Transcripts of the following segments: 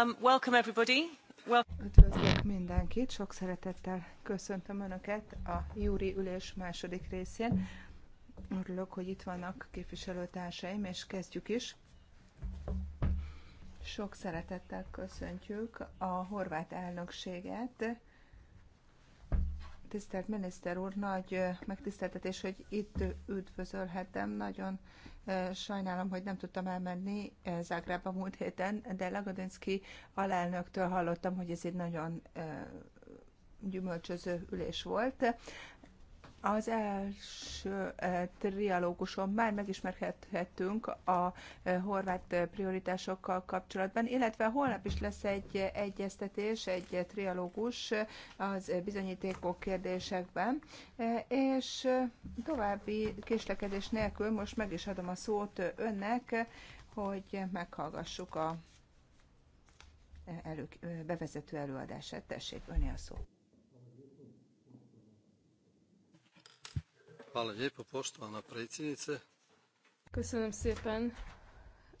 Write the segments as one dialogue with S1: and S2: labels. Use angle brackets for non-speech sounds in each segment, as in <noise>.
S1: Um, everybody. Well... Üdvözlök mindenkit, sok szeretettel köszöntöm Önöket a júri ülés második részén. Örülök, hogy itt vannak képviselőtársaim, és kezdjük is. Sok szeretettel köszöntjük a horvát elnökséget, Tisztelt miniszter úr, nagy megtiszteltetés, hogy itt üdvözölhetem. Nagyon sajnálom, hogy nem tudtam elmenni Zágrába múlt héten, de Lagodinszki alelnöktől hallottam, hogy ez egy nagyon gyümölcsöző ülés volt. Az első eh, trialóguson már megismerhettünk a eh, horvát prioritásokkal kapcsolatban, illetve holnap is lesz egy egyeztetés, egy trialógus az bizonyítékok kérdésekben, eh, és további késlekedés nélkül most meg is adom a szót önnek, hogy meghallgassuk a elő, bevezető előadását. Tessék, öné a szó.
S2: Hvala lijepo, poštovana predsjednice.
S3: Köszönöm szépen,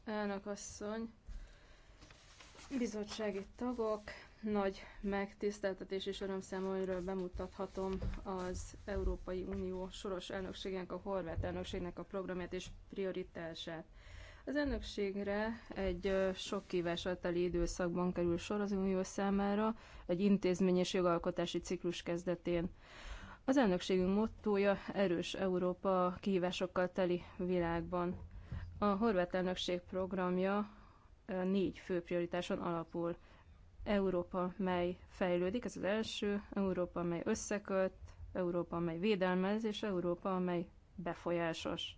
S3: elnök asszony, bizottsági tagok, nagy megtiszteltetés és öröm számomra bemutathatom az Európai Unió soros elnökségének, a horvát elnökségnek a programját és prioritását. Az elnökségre egy sok kívással időszakban kerül sor az Unió számára, egy intézmény és jogalkotási ciklus kezdetén. Az elnökségünk mottója erős Európa a kihívásokkal teli világban. A horvát elnökség programja négy fő prioritáson alapul. Európa, mely fejlődik, ez az első, Európa, mely összekölt, Európa, mely védelmez, és Európa, mely befolyásos.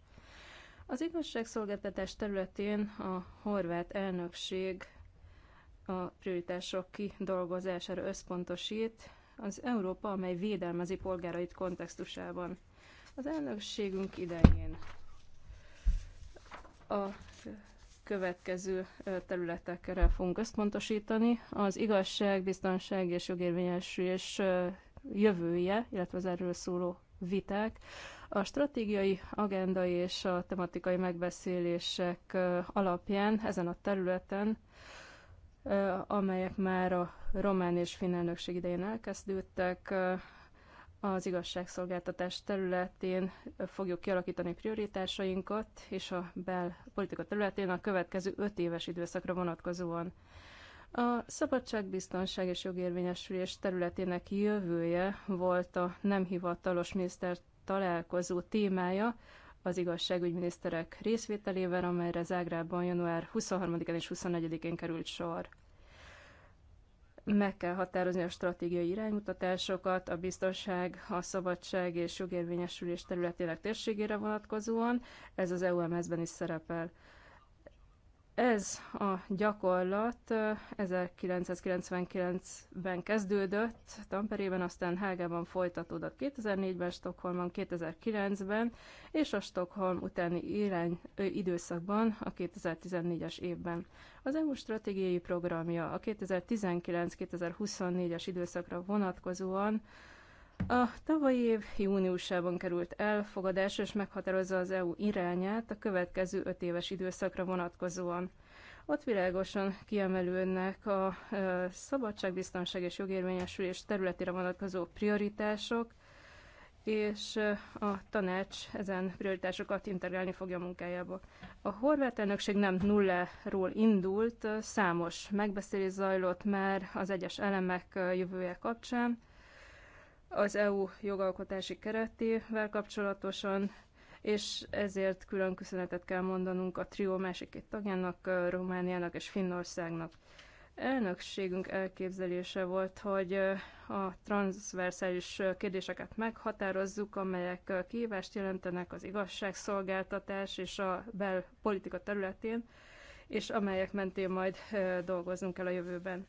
S3: Az igazságszolgáltatás területén a horvát elnökség a prioritások kidolgozására összpontosít, az Európa, amely védelmezi polgárait kontextusában. Az elnökségünk idején a következő területekre fogunk összpontosítani. Az igazság, biztonság és jogérvényesülés jövője, illetve az erről szóló viták, a stratégiai agenda és a tematikai megbeszélések alapján ezen a területen, amelyek már a román és finn elnökség idején elkezdődtek. Az igazságszolgáltatás területén fogjuk kialakítani prioritásainkat, és a belpolitika területén a következő öt éves időszakra vonatkozóan. A szabadságbiztonság és jogérvényesülés területének jövője volt a nem hivatalos miniszter találkozó témája az igazságügyminiszterek részvételével, amelyre Zágrában január 23-án és 24-én került sor meg kell határozni a stratégiai iránymutatásokat, a biztonság, a szabadság és jogérvényesülés területének térségére vonatkozóan, ez az EUMS-ben is szerepel. Ez a gyakorlat 1999-ben kezdődött, Tamperében, aztán Hágában folytatódott 2004-ben, Stockholmban 2009-ben, és a Stockholm utáni irány, ö, időszakban, a 2014-es évben. Az EU stratégiai programja a 2019-2024-es időszakra vonatkozóan a tavalyi év júniusában került elfogadás, és meghatározza az EU irányát a következő öt éves időszakra vonatkozóan. Ott világosan kiemelődnek a szabadságbiztonság és jogérvényesülés területére vonatkozó prioritások, és a tanács ezen prioritásokat integrálni fogja a munkájába. A horvát elnökség nem nulláról indult, számos megbeszélés zajlott már az egyes elemek jövője kapcsán, az EU jogalkotási keretével kapcsolatosan, és ezért külön köszönetet kell mondanunk a trió másik két tagjának, Romániának és Finnországnak. Elnökségünk elképzelése volt, hogy a transzverszális kérdéseket meghatározzuk, amelyek kihívást jelentenek az igazságszolgáltatás és a belpolitika területén, és amelyek mentén majd dolgozunk el a jövőben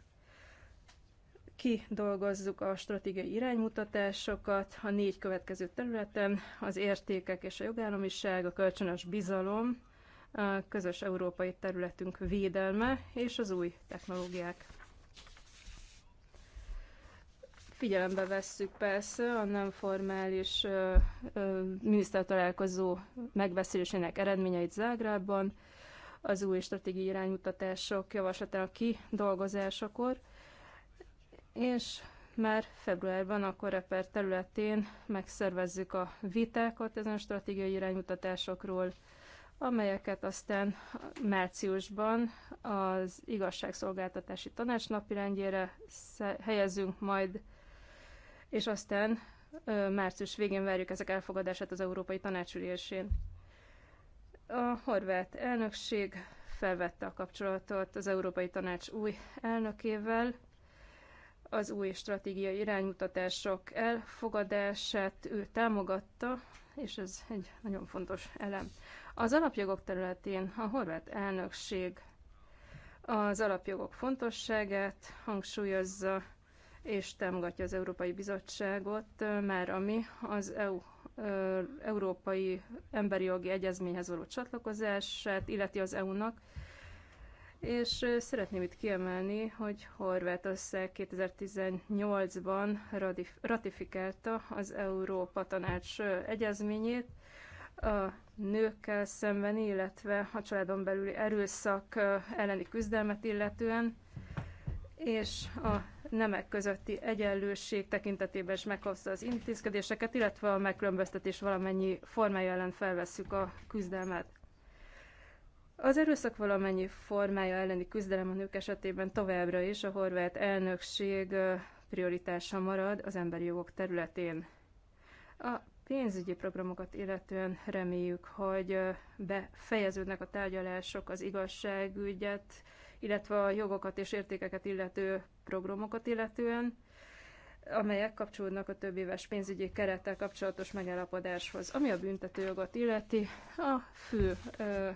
S3: kidolgozzuk a stratégiai iránymutatásokat a négy következő területen, az értékek és a jogállamiság, a kölcsönös bizalom, a közös európai területünk védelme és az új technológiák. Figyelembe vesszük persze a nem formális ö, ö, minisztertalálkozó megbeszélésének eredményeit Zágrában, az új stratégiai iránymutatások javaslatának kidolgozásakor, dolgozásakor, és már februárban a Koreper területén megszervezzük a vitákat ezen a stratégiai iránymutatásokról, amelyeket aztán márciusban az igazságszolgáltatási tanács napirendjére helyezünk majd, és aztán március végén várjuk ezek elfogadását az Európai Tanácsülésén. A horvát elnökség felvette a kapcsolatot az Európai Tanács új elnökével, az új stratégiai iránymutatások elfogadását ő támogatta, és ez egy nagyon fontos elem. Az alapjogok területén a horvát elnökség az alapjogok fontosságát hangsúlyozza, és támogatja az Európai Bizottságot, már ami az EU Európai Emberi Jogi Egyezményhez való csatlakozását, illeti az EU-nak, és szeretném itt kiemelni, hogy Horvátország 2018-ban ratifikálta az Európa Tanács egyezményét, a nőkkel szembeni, illetve a családon belüli erőszak elleni küzdelmet illetően, és a nemek közötti egyenlőség tekintetében is meghozta az intézkedéseket, illetve a megkülönböztetés valamennyi formája ellen felveszük a küzdelmet. Az erőszak valamennyi formája elleni küzdelem a nők esetében továbbra is a horvát elnökség prioritása marad az emberi jogok területén. A pénzügyi programokat illetően reméljük, hogy befejeződnek a tárgyalások az igazságügyet, illetve a jogokat és értékeket illető programokat illetően, amelyek kapcsolódnak a több éves pénzügyi kerettel kapcsolatos megállapodáshoz. Ami a büntetőjogot illeti, a fő ö,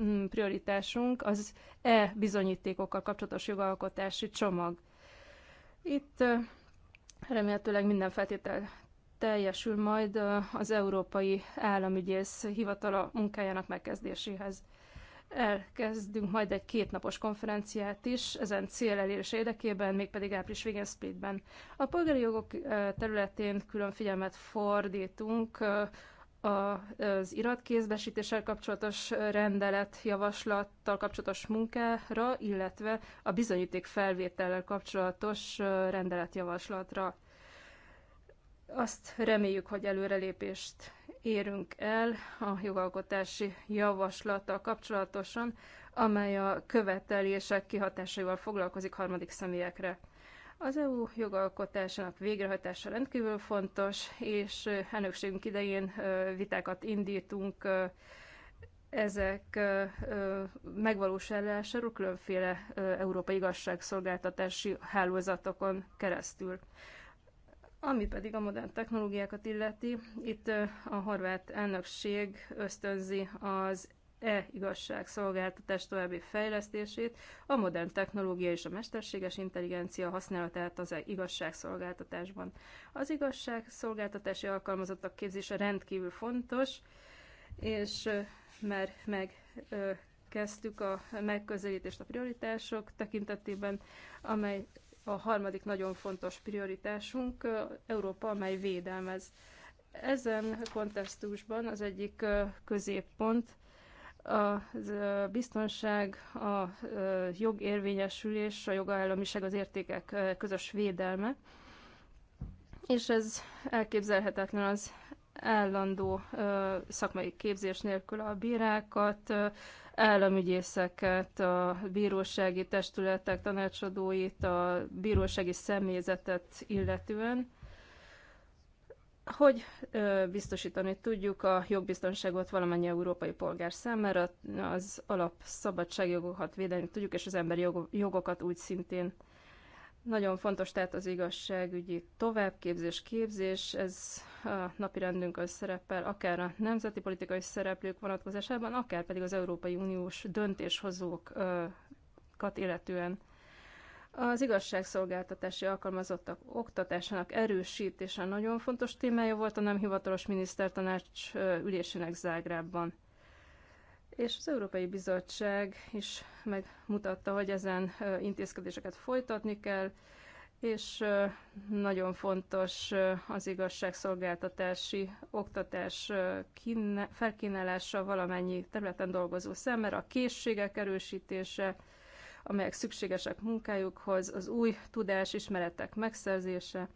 S3: Mm, prioritásunk az e bizonyítékokkal kapcsolatos jogalkotási csomag. Itt remélhetőleg minden feltétel teljesül majd az Európai Államügyész Hivatala munkájának megkezdéséhez. Elkezdünk majd egy kétnapos konferenciát is ezen cél elérés érdekében, mégpedig április végén Splitben. A polgári jogok területén külön figyelmet fordítunk a az iratkézbesítéssel kapcsolatos rendelet javaslattal kapcsolatos munkára, illetve a bizonyíték felvétellel kapcsolatos rendelet javaslatra, Azt reméljük, hogy előrelépést érünk el a jogalkotási javaslattal kapcsolatosan, amely a követelések kihatásaival foglalkozik harmadik személyekre. Az EU jogalkotásának végrehajtása rendkívül fontos, és elnökségünk idején vitákat indítunk ezek megvalósulásáról különféle európai igazságszolgáltatási hálózatokon keresztül. Ami pedig a modern technológiákat illeti, itt a horvát elnökség ösztönzi az e-igazságszolgáltatás további fejlesztését, a modern technológia és a mesterséges intelligencia használatát az e igazságszolgáltatásban. Az igazságszolgáltatási alkalmazottak képzése rendkívül fontos, és már megkezdtük a megközelítést a prioritások tekintetében, amely a harmadik nagyon fontos prioritásunk Európa, amely védelmez. Ezen kontextusban az egyik középpont a biztonság, a jog érvényesülés, a jogállamiság, az értékek közös védelme, és ez elképzelhetetlen az állandó szakmai képzés nélkül a bírákat, államügyészeket, a bírósági testületek tanácsadóit, a bírósági személyzetet illetően hogy biztosítani tudjuk a jogbiztonságot valamennyi európai polgár számára, az alap szabadságjogokat védeni tudjuk, és az emberi jogokat úgy szintén. Nagyon fontos tehát az igazságügyi továbbképzés, képzés, ez a napi az szerepel, akár a nemzeti politikai szereplők vonatkozásában, akár pedig az Európai Uniós döntéshozókat illetően. Az igazságszolgáltatási alkalmazottak oktatásának erősítése nagyon fontos témája volt a nem hivatalos minisztertanács ülésének Zágrában. És az Európai Bizottság is megmutatta, hogy ezen intézkedéseket folytatni kell, és nagyon fontos az igazságszolgáltatási oktatás felkínálása valamennyi területen dolgozó szemmel, a készségek erősítése, amelyek szükségesek munkájukhoz, az új tudás, ismeretek megszerzése.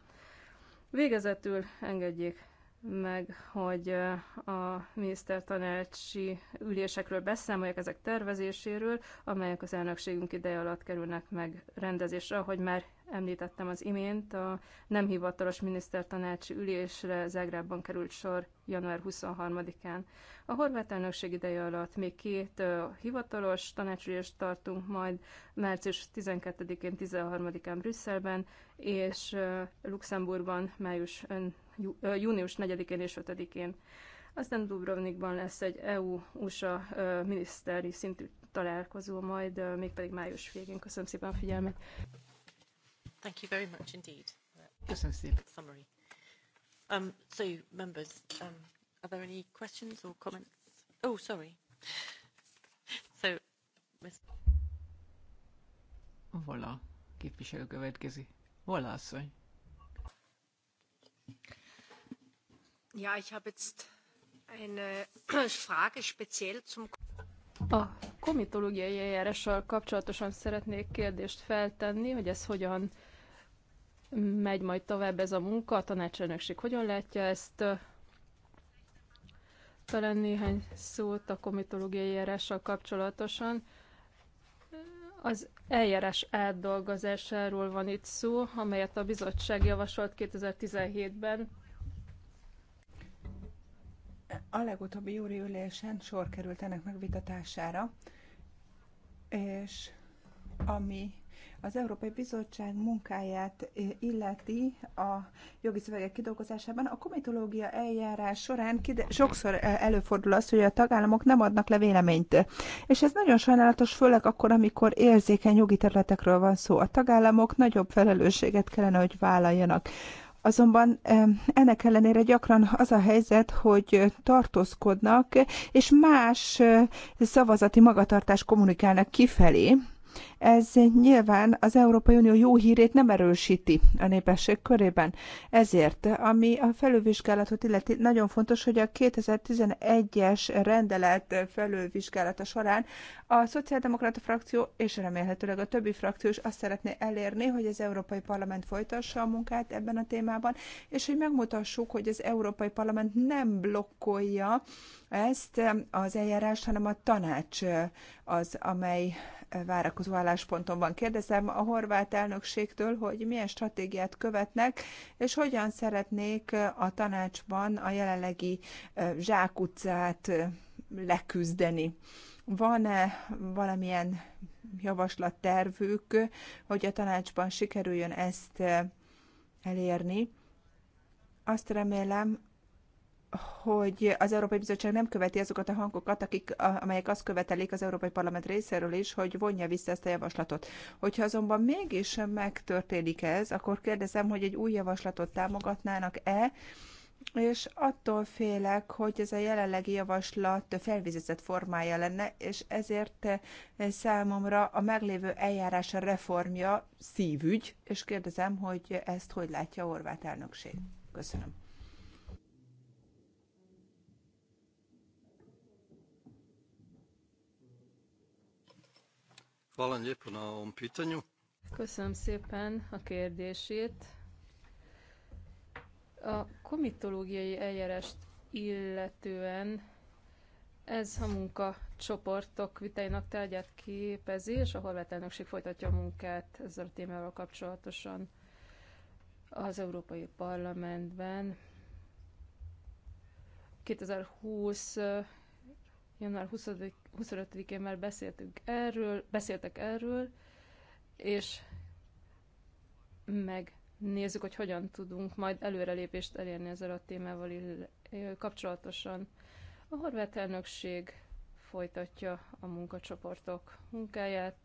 S3: Végezetül engedjék meg, hogy eh, a minisztertanácsi ülésekről beszámoljak ezek tervezéséről, amelyek az elnökségünk ideje alatt kerülnek meg rendezésre, ahogy már említettem az imént, a nem hivatalos minisztertanácsi ülésre Zágrában került sor január 23-án. A horvát elnökség ideje alatt még két hivatalos tanácsülést tartunk majd március 12-én, 13-án Brüsszelben, és Luxemburgban május, június 4-én és 5-én. Aztán Dubrovnikban lesz egy EU-USA miniszteri szintű találkozó majd, mégpedig május végén. Köszönöm szépen a figyelmet!
S4: Thank you very much indeed. Köszönöm szépen. Summary. Um, so, members, um, are there any questions or comments? Oh, sorry. <laughs> So, Ms. Vala képviselő következi. Vala asszony.
S3: Ja, ich habe jetzt eine äh, <clears throat> Frage speziell zum a komitológiai eljárással kapcsolatosan szeretnék kérdést feltenni, hogy ez hogyan megy majd tovább ez a munka, a tanácselnökség hogyan látja ezt. Talán néhány szót a komitológiai eljárással kapcsolatosan. Az eljárás átdolgozásáról van itt szó, amelyet a bizottság javasolt 2017-ben.
S1: A legutóbbi júri ülésen sor került ennek megvitatására, és ami az Európai Bizottság munkáját illeti a jogi szövegek kidolgozásában, a komitológia eljárás során kide- sokszor előfordul az, hogy a tagállamok nem adnak le véleményt. És ez nagyon sajnálatos, főleg akkor, amikor érzékeny jogi területekről van szó. A tagállamok nagyobb felelősséget kellene, hogy vállaljanak. Azonban ennek ellenére gyakran az a helyzet, hogy tartózkodnak, és más szavazati magatartást kommunikálnak kifelé, ez nyilván az Európai Unió jó hírét nem erősíti a népesség körében. Ezért, ami a felülvizsgálatot illeti, nagyon fontos, hogy a 2011-es rendelet felülvizsgálata során a Szociáldemokrata frakció és remélhetőleg a többi frakció is azt szeretné elérni, hogy az Európai Parlament folytassa a munkát ebben a témában, és hogy megmutassuk, hogy az Európai Parlament nem blokkolja ezt az eljárást, hanem a tanács az, amely várakozó állás állásponton van. Kérdezem a horvát elnökségtől, hogy milyen stratégiát követnek, és hogyan szeretnék a tanácsban a jelenlegi zsákutcát leküzdeni. Van-e valamilyen javaslattervük, hogy a tanácsban sikerüljön ezt elérni? Azt remélem, hogy az Európai Bizottság nem követi azokat a hangokat, akik, amelyek azt követelik az Európai Parlament részéről is, hogy vonja vissza ezt a javaslatot. Hogyha azonban mégis megtörténik ez, akkor kérdezem, hogy egy új javaslatot támogatnának-e, és attól félek, hogy ez a jelenlegi javaslat felvizezett formája lenne, és ezért eh, számomra a meglévő eljárás a reformja szívügy, és kérdezem, hogy ezt hogy látja Horváth elnökség. Köszönöm.
S2: Hvala lijepo na ovom pitanju.
S3: Köszönöm szépen a kérdését. A komitológiai eljárást illetően ez a munka csoportok vitáinak tárgyát képezi, és a horvát elnökség folytatja a munkát ezzel a témával kapcsolatosan az Európai Parlamentben. 2020. január 20 25-én már beszéltünk erről, beszéltek erről, és megnézzük, hogy hogyan tudunk majd előrelépést elérni ezzel a témával kapcsolatosan. A horvát elnökség folytatja a munkacsoportok munkáját,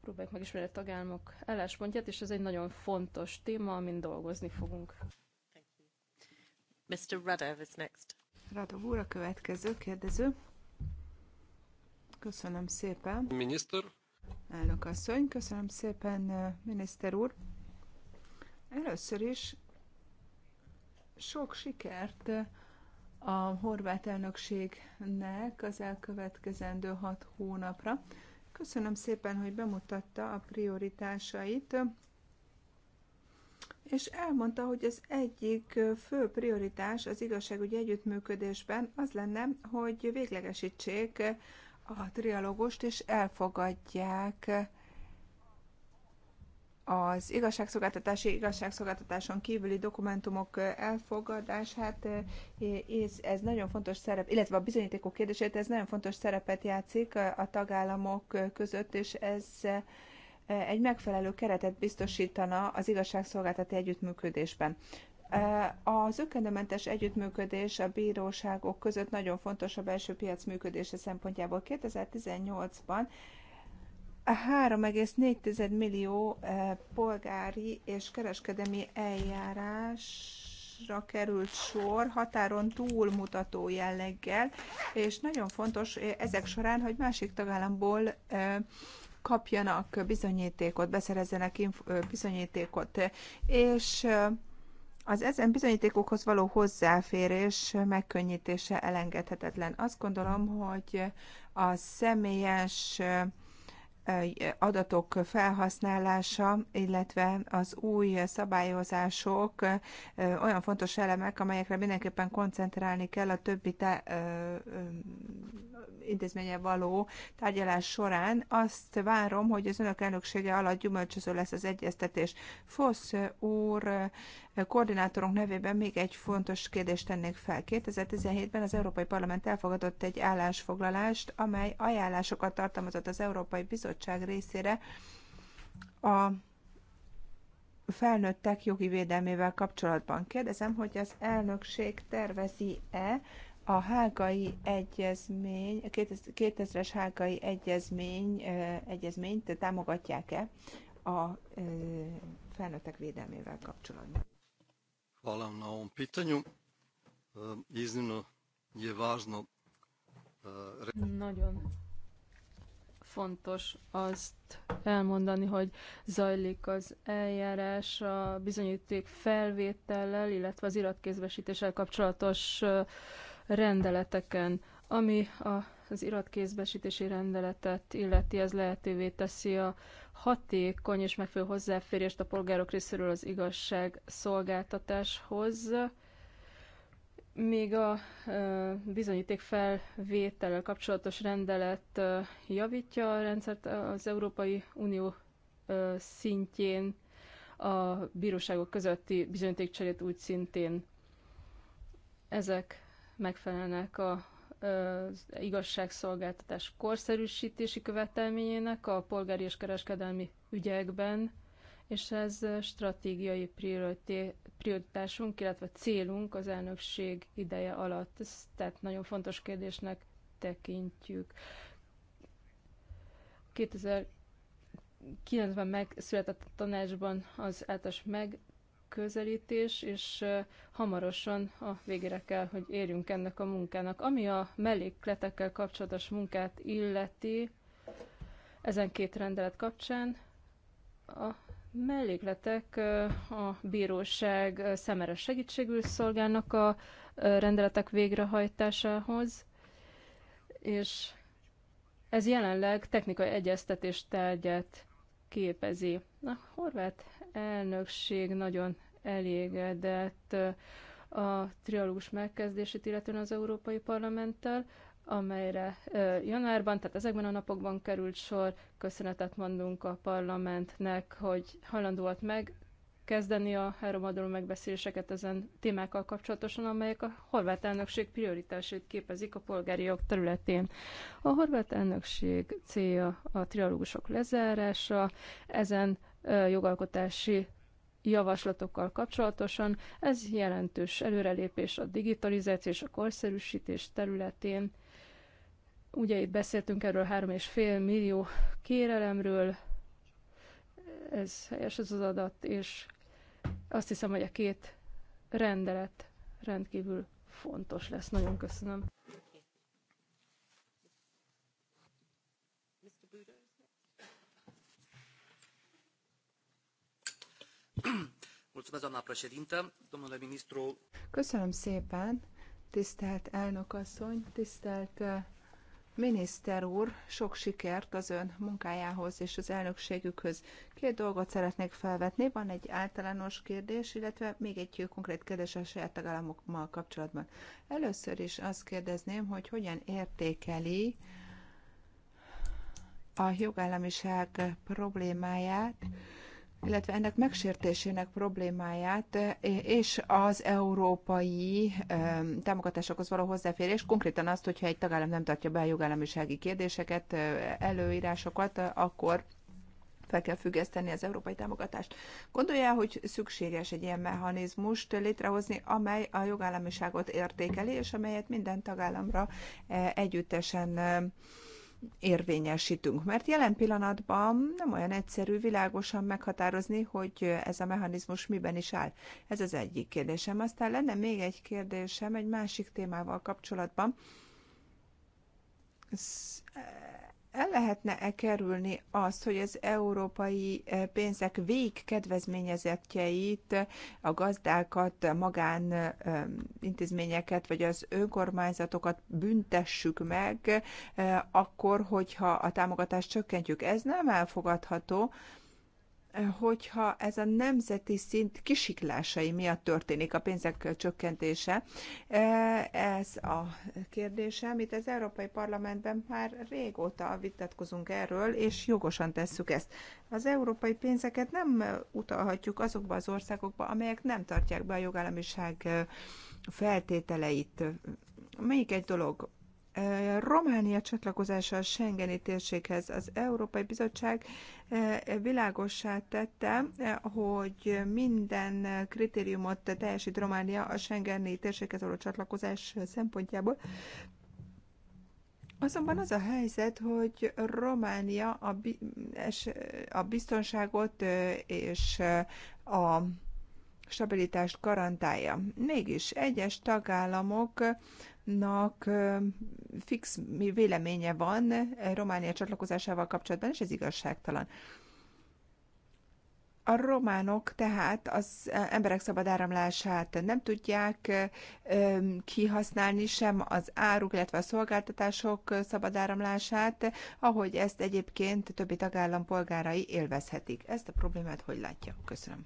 S3: próbáljuk megismerni a tagállamok álláspontját, és ez egy nagyon fontos téma, amin dolgozni fogunk.
S1: Mr.
S2: Radev is next.
S3: Radov úr a következő kérdező.
S1: Köszönöm szépen. Miniszter. Elnök asszony, köszönöm szépen, miniszter úr. Először is sok sikert a horvát elnökségnek az elkövetkezendő hat hónapra. Köszönöm szépen, hogy bemutatta a prioritásait, és elmondta, hogy az egyik fő prioritás az igazságügyi együttműködésben az lenne, hogy véglegesítsék a trialógust, és elfogadják az igazságszolgáltatási igazságszolgáltatáson kívüli dokumentumok elfogadását, és ez nagyon fontos szerep, illetve a bizonyítékok kérdését, ez nagyon fontos szerepet játszik a tagállamok között, és ez egy megfelelő keretet biztosítana az igazságszolgáltatási együttműködésben. Az ökönömentes együttműködés a bíróságok között nagyon fontos a belső piac működése szempontjából. 2018-ban 3,4 millió polgári és kereskedemi eljárásra került sor határon túlmutató jelleggel, és nagyon fontos ezek során, hogy másik tagállamból kapjanak bizonyítékot, beszerezzenek bizonyítékot, és az ezen bizonyítékokhoz való hozzáférés megkönnyítése elengedhetetlen. Azt gondolom, hogy a személyes adatok felhasználása, illetve az új szabályozások olyan fontos elemek, amelyekre mindenképpen koncentrálni kell a többi te, intézménye való tárgyalás során. Azt várom, hogy az önök elnöksége alatt gyümölcsöző lesz az egyeztetés. Fosz úr koordinátorunk nevében még egy fontos kérdést tennék fel. 2017-ben az Európai Parlament elfogadott egy állásfoglalást, amely ajánlásokat tartalmazott az Európai Bizottság részére a felnőttek jogi védelmével kapcsolatban. Kérdezem, hogy az elnökség tervezi-e a hágai egyezmény, a 2000-es hágai egyezmény, egyezményt támogatják-e a felnőttek védelmével kapcsolatban?
S2: Hvala vam na ovom pitanju. E, iznimno je važno... E,
S3: Nagyon fontos azt elmondani, hogy zajlik az eljárás a bizonyíték felvétellel, illetve az iratkézbesítéssel kapcsolatos rendeleteken, ami az iratkézbesítési rendeletet illeti, ez lehetővé teszi a hatékony és megfelelő hozzáférést a polgárok részéről az igazság szolgáltatáshoz. Még a bizonyíték kapcsolatos rendelet javítja a rendszert az Európai Unió szintjén, a bíróságok közötti bizonyítékcserét úgy szintén ezek megfelelnek a az igazságszolgáltatás korszerűsítési követelményének a polgári és kereskedelmi ügyekben, és ez stratégiai prioritásunk, illetve célunk az elnökség ideje alatt. Ezt tehát nagyon fontos kérdésnek tekintjük. 2009-ben megszületett a tanácsban az általános meg megközelítés, és hamarosan a végére kell, hogy érjünk ennek a munkának. Ami a mellékletekkel kapcsolatos munkát illeti, ezen két rendelet kapcsán a mellékletek a bíróság szemere segítségül szolgálnak a rendeletek végrehajtásához, és ez jelenleg technikai egyeztetés tárgyát képezi. A horvát elnökség nagyon elégedett a trialógus megkezdését, illetően az Európai Parlamenttel, amelyre januárban, tehát ezekben a napokban került sor. Köszönetet mondunk a parlamentnek, hogy hajlandó volt meg kezdeni a három megbeszéléseket ezen témákkal kapcsolatosan, amelyek a horvát elnökség prioritásait képezik a polgári jog területén. A horvát elnökség célja a trialógusok lezárása, ezen jogalkotási javaslatokkal kapcsolatosan. Ez jelentős előrelépés a digitalizáció és a korszerűsítés területén. Ugye itt beszéltünk erről 3,5 millió kérelemről, ez helyes ez az adat, és azt hiszem, hogy a két rendelet rendkívül fontos lesz. Nagyon köszönöm.
S1: Köszönöm szépen, tisztelt elnök asszony, tisztelt Miniszter úr, sok sikert az ön munkájához és az elnökségükhöz. Két dolgot szeretnék felvetni. Van egy általános kérdés, illetve még egy konkrét kérdés a saját tagállamokmal kapcsolatban. Először is azt kérdezném, hogy hogyan értékeli a jogállamiság problémáját, illetve ennek megsértésének problémáját eh, és az európai eh, támogatásokhoz való hozzáférés, konkrétan azt, hogyha egy tagállam nem tartja be a jogállamisági kérdéseket, eh, előírásokat, akkor fel kell függeszteni az európai támogatást. Gondolja, hogy szükséges egy ilyen mechanizmust létrehozni, amely a jogállamiságot értékeli, és amelyet minden tagállamra együttesen érvényesítünk. Mert jelen pillanatban nem olyan egyszerű világosan meghatározni, hogy ez a mechanizmus miben is áll. Ez az egyik kérdésem. Aztán lenne még egy kérdésem egy másik témával kapcsolatban el lehetne-e kerülni azt, hogy az európai eh, pénzek végkedvezményezetjeit, a gazdákat, a magán eh, intézményeket vagy az önkormányzatokat büntessük meg, eh, akkor, hogyha a támogatást csökkentjük? Ez nem elfogadható hogyha ez a nemzeti szint kisiklásai miatt történik a pénzek csökkentése. E, ez a kérdésem. amit az Európai Parlamentben már régóta vitatkozunk erről, és jogosan tesszük ezt. Az európai pénzeket nem utalhatjuk azokba az országokba, amelyek nem tartják be a jogállamiság e, feltételeit. Melyik egy dolog, Románia csatlakozása a Schengeni térséghez. Az Európai Bizottság világossá tette, hogy minden kritériumot teljesít Románia a Schengeni térséghez való csatlakozás szempontjából. Azonban az a helyzet, hogy Románia a, biztonságot és a stabilitást garantálja. Mégis egyes tagállamok Nak fix véleménye van Románia csatlakozásával kapcsolatban, és ez igazságtalan. A románok tehát az emberek szabad áramlását nem tudják kihasználni sem az áruk, illetve a szolgáltatások szabad áramlását, ahogy ezt egyébként többi tagállam polgárai élvezhetik. Ezt a problémát hogy látja? Köszönöm.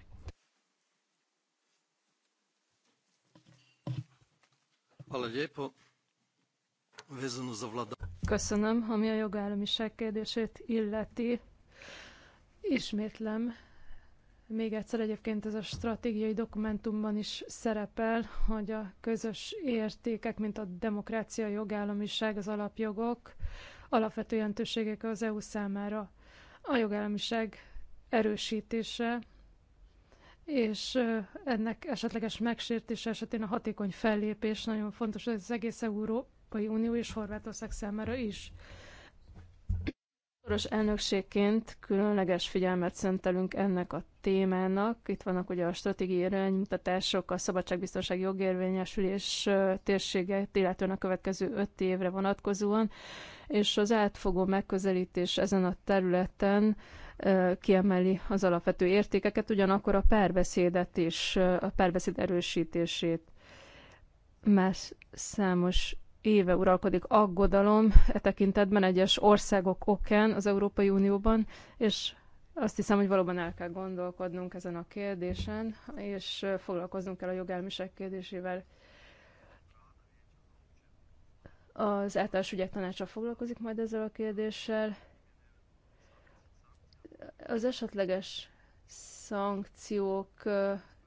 S3: Köszönöm, ami a jogállamiság kérdését illeti. Ismétlem, még egyszer egyébként ez a stratégiai dokumentumban is szerepel, hogy a közös értékek, mint a demokrácia, a jogállamiság, az alapjogok alapvető jelentőségek az EU számára. A jogállamiság erősítése és ennek esetleges megsértése esetén a hatékony fellépés nagyon fontos, hogy az egész Európai Unió és Horvátország számára is. Soros elnökségként különleges figyelmet szentelünk ennek a témának. Itt vannak ugye a stratégiai iránymutatások, a szabadságbiztonság jogérvényesülés térsége, illetően a következő öt évre vonatkozóan, és az átfogó megközelítés ezen a területen kiemeli az alapvető értékeket, ugyanakkor a párbeszédet is, a párbeszéd erősítését. Már számos éve uralkodik aggodalom e tekintetben egyes országok okán az Európai Unióban, és azt hiszem, hogy valóban el kell gondolkodnunk ezen a kérdésen, és foglalkoznunk kell a jogelmiség kérdésével. Az általános ügyek tanácsa foglalkozik majd ezzel a kérdéssel, az esetleges szankciók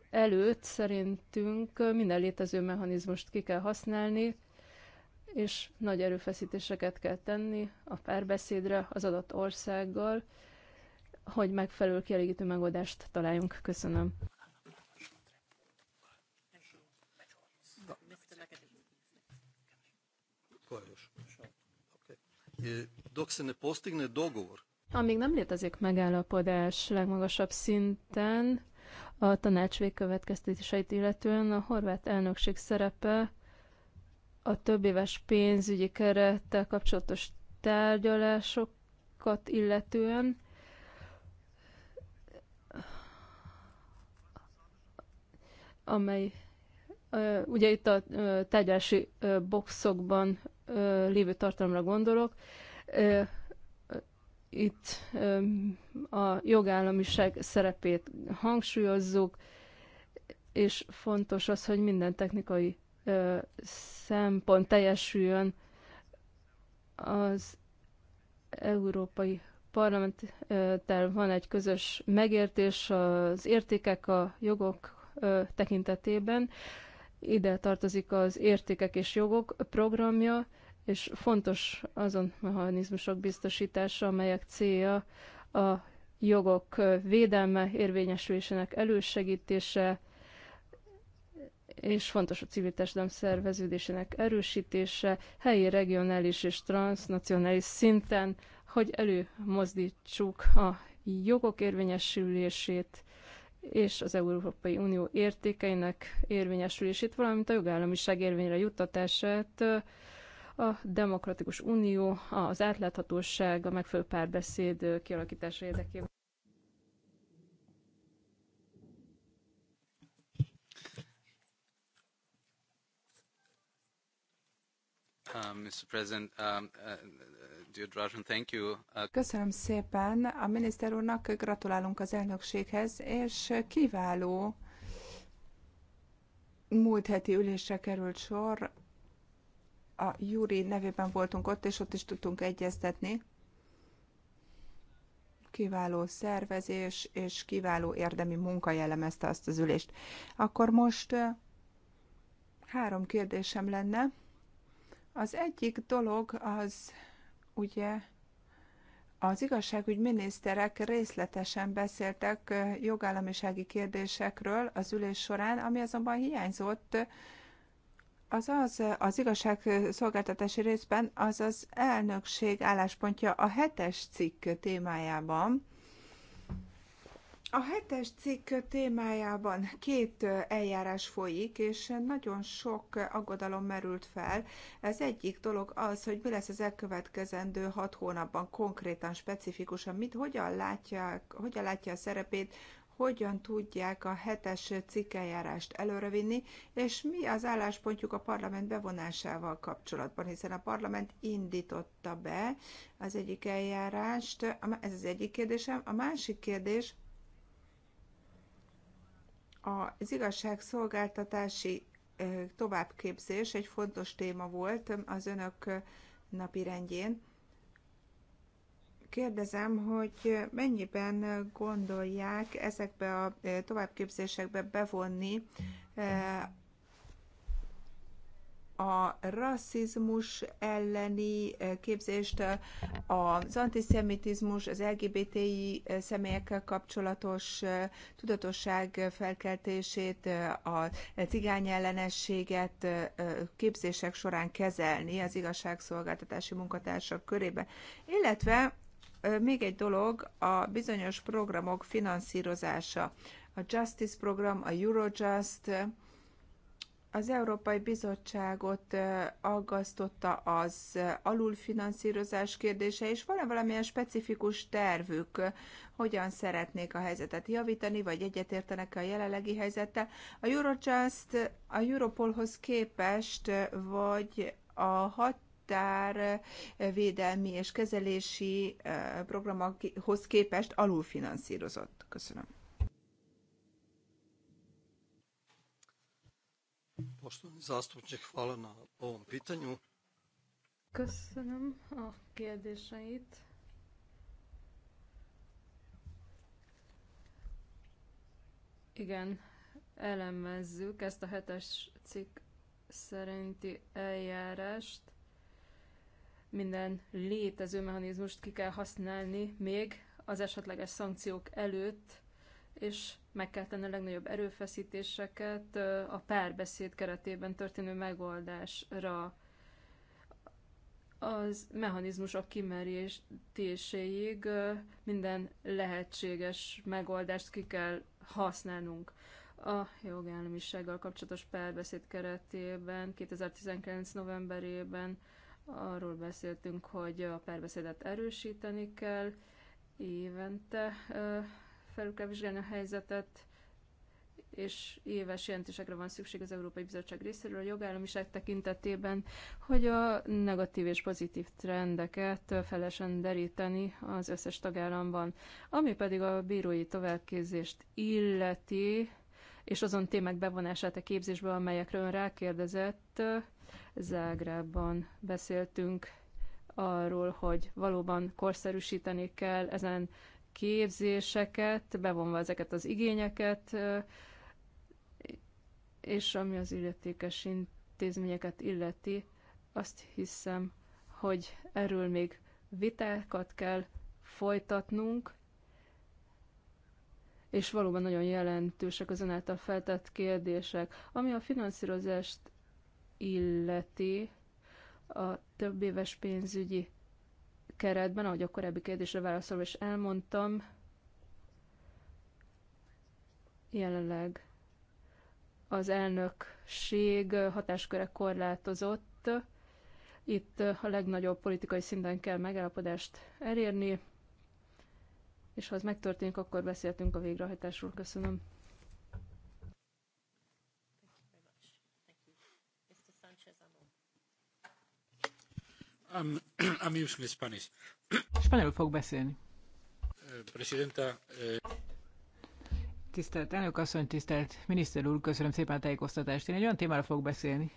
S3: előtt szerintünk minden létező mechanizmust ki kell használni, és nagy erőfeszítéseket kell tenni a párbeszédre az adott országgal, hogy megfelelő kielégítő megoldást találjunk. Köszönöm.
S2: Dok se ne postigne dogovor
S3: amíg nem létezik megállapodás legmagasabb szinten, a tanács végkövetkeztetéseit illetően a horvát elnökség szerepe a éves pénzügyi kerettel kapcsolatos tárgyalásokat illetően amely ugye itt a tárgyalási boxokban lévő tartalomra gondolok, itt a jogállamiság szerepét hangsúlyozzuk, és fontos az, hogy minden technikai szempont teljesüljön az Európai Parlamenttel van egy közös megértés az értékek, a jogok tekintetében. Ide tartozik az értékek és jogok programja, és fontos azon mechanizmusok biztosítása, amelyek célja a jogok védelme, érvényesülésének elősegítése, és fontos a civil testem szerveződésének erősítése helyi, regionális és transnacionális szinten, hogy előmozdítsuk a jogok érvényesülését és az Európai Unió értékeinek érvényesülését, valamint a jogállamiság érvényre juttatását a demokratikus unió, az átláthatóság, a megfelelő párbeszéd kialakítása érdekében.
S2: Uh, um, uh, uh,
S1: Köszönöm szépen a miniszter úrnak, gratulálunk az elnökséghez, és kiváló múlt heti ülésre került sor a Júri nevében voltunk ott, és ott is tudtunk egyeztetni. Kiváló szervezés és kiváló érdemi munka jellemezte azt az ülést. Akkor most három kérdésem lenne. Az egyik dolog az ugye az igazságügy miniszterek részletesen beszéltek jogállamisági kérdésekről az ülés során, ami azonban hiányzott azaz az igazság szolgáltatási részben, az az elnökség álláspontja a hetes cikk témájában. A hetes cikk témájában két eljárás folyik, és nagyon sok aggodalom merült fel. Ez egyik dolog az, hogy mi lesz az elkövetkezendő hat hónapban konkrétan, specifikusan, mit, hogyan, látják, hogyan látja a szerepét hogyan tudják a hetes cikkeljárást előrevinni, és mi az álláspontjuk a parlament bevonásával kapcsolatban, hiszen a parlament indította be az egyik eljárást. Ez az egyik kérdésem. A másik kérdés az igazságszolgáltatási továbbképzés egy fontos téma volt az önök napi rendjén. Kérdezem, hogy mennyiben gondolják ezekbe a e, továbbképzésekbe bevonni e, a rasszizmus elleni e, képzést, az antiszemitizmus, az LGBTI személyekkel kapcsolatos tudatosság felkeltését, a cigány ellenességet képzések során kezelni az igazságszolgáltatási munkatársak körébe, illetve még egy dolog, a bizonyos programok finanszírozása. A Justice program, a Eurojust, az Európai Bizottságot aggasztotta az alulfinanszírozás kérdése, és van-e valamilyen specifikus tervük, hogyan szeretnék a helyzetet javítani, vagy egyetértenek -e a jelenlegi helyzettel? A Eurojust a Europolhoz képest, vagy a hat határ eh, védelmi és kezelési eh, programokhoz képest alulfinanszírozott. Köszönöm.
S2: Poštovani zastupnik, hvala na ovom pitanju.
S3: Köszönöm a kérdéseit. Igen, elemezzük ezt a hetes cikk szerinti eljárást minden létező mechanizmust ki kell használni még az esetleges szankciók előtt, és meg kell tenni a legnagyobb erőfeszítéseket a párbeszéd keretében történő megoldásra az mechanizmusok kimerítéséig minden lehetséges megoldást ki kell használnunk. A jogállamisággal kapcsolatos párbeszéd keretében 2019. novemberében Arról beszéltünk, hogy a párbeszédet erősíteni kell, évente felül kell vizsgálni a helyzetet, és éves jelentésekre van szükség az Európai Bizottság részéről a jogállamiság tekintetében, hogy a negatív és pozitív trendeket felesen deríteni az összes tagállamban. Ami pedig a bírói továbbképzést illeti, és azon témák bevonását a képzésbe, amelyekről ön rákérdezett. Zágrában beszéltünk arról, hogy valóban korszerűsíteni kell ezen képzéseket, bevonva ezeket az igényeket, és ami az illetékes intézményeket illeti, azt hiszem, hogy erről még vitákat kell folytatnunk, és valóban nagyon jelentősek az önáltal feltett kérdések. Ami a finanszírozást illeti a több éves pénzügyi keretben, ahogy a korábbi kérdésre válaszolva is elmondtam, jelenleg az elnökség hatásköre korlátozott. Itt a legnagyobb politikai szinten kell megállapodást elérni, és ha ez megtörténik, akkor beszéltünk a végrehajtásról. Köszönöm.
S2: I'm, I'm using Spanish.
S4: Spanyolul fog beszélni.
S2: Presidenta, e,
S4: Tisztelt elnök asszony, tisztelt miniszter úr, köszönöm szépen a tájékoztatást. Én egy olyan témára fogok beszélni,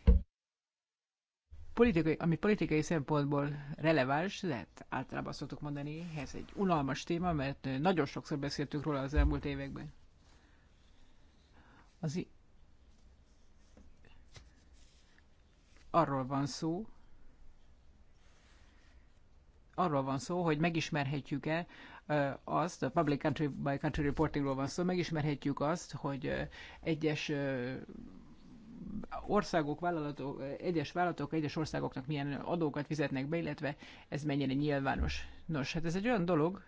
S4: politikai, ami politikai szempontból releváns, lehet általában szoktuk mondani, ez egy unalmas téma, mert nagyon sokszor beszéltünk róla az elmúlt években. Az arról van szó, arról van szó, hogy megismerhetjük-e azt, a Public Country by Country Reportingról van szó, megismerhetjük azt, hogy egyes országok, vállalatok, egyes vállalatok, egyes országoknak milyen adókat fizetnek be, illetve ez mennyire nyilvános. Nos, hát ez egy olyan dolog,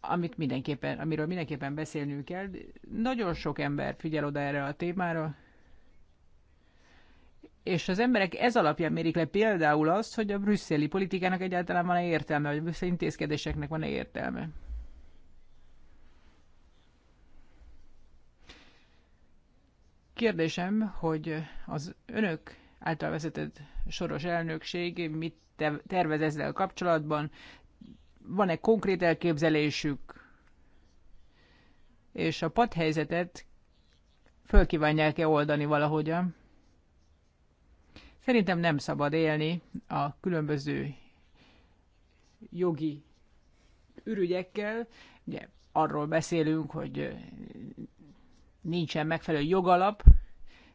S4: amit mindenképpen, amiről mindenképpen beszélnünk kell. Nagyon sok ember figyel oda erre a témára, és az emberek ez alapján mérik le például azt, hogy a brüsszeli politikának egyáltalán van-e értelme, vagy a brüsszeli intézkedéseknek van-e értelme. Kérdésem, hogy az önök által vezetett soros elnökség mit tervez ezzel kapcsolatban? Van-e konkrét elképzelésük? És a padhelyzetet fölkívánják e oldani valahogyan? Szerintem nem szabad élni a különböző jogi ürügyekkel. Ugye arról beszélünk, hogy nincsen megfelelő jogalap,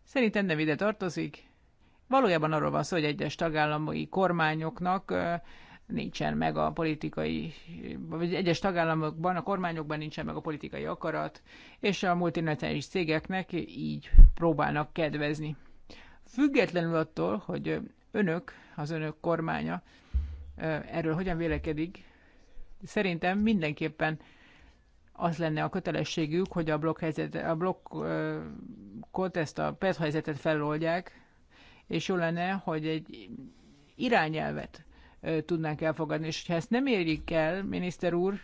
S4: szerintem nem ide tartozik. Valójában arról van szó, hogy egyes tagállami kormányoknak nincsen meg a politikai, vagy egyes tagállamokban, a kormányokban nincsen meg a politikai akarat, és a multinacionális cégeknek így próbálnak kedvezni. Függetlenül attól, hogy önök, az önök kormánya erről hogyan vélekedik, szerintem mindenképpen az lenne a kötelességük, hogy a, blokk a blokkot, ezt a PET helyzetet feloldják, és jó lenne, hogy egy irányelvet tudnánk elfogadni. És ha ezt nem érjük el, miniszter úr,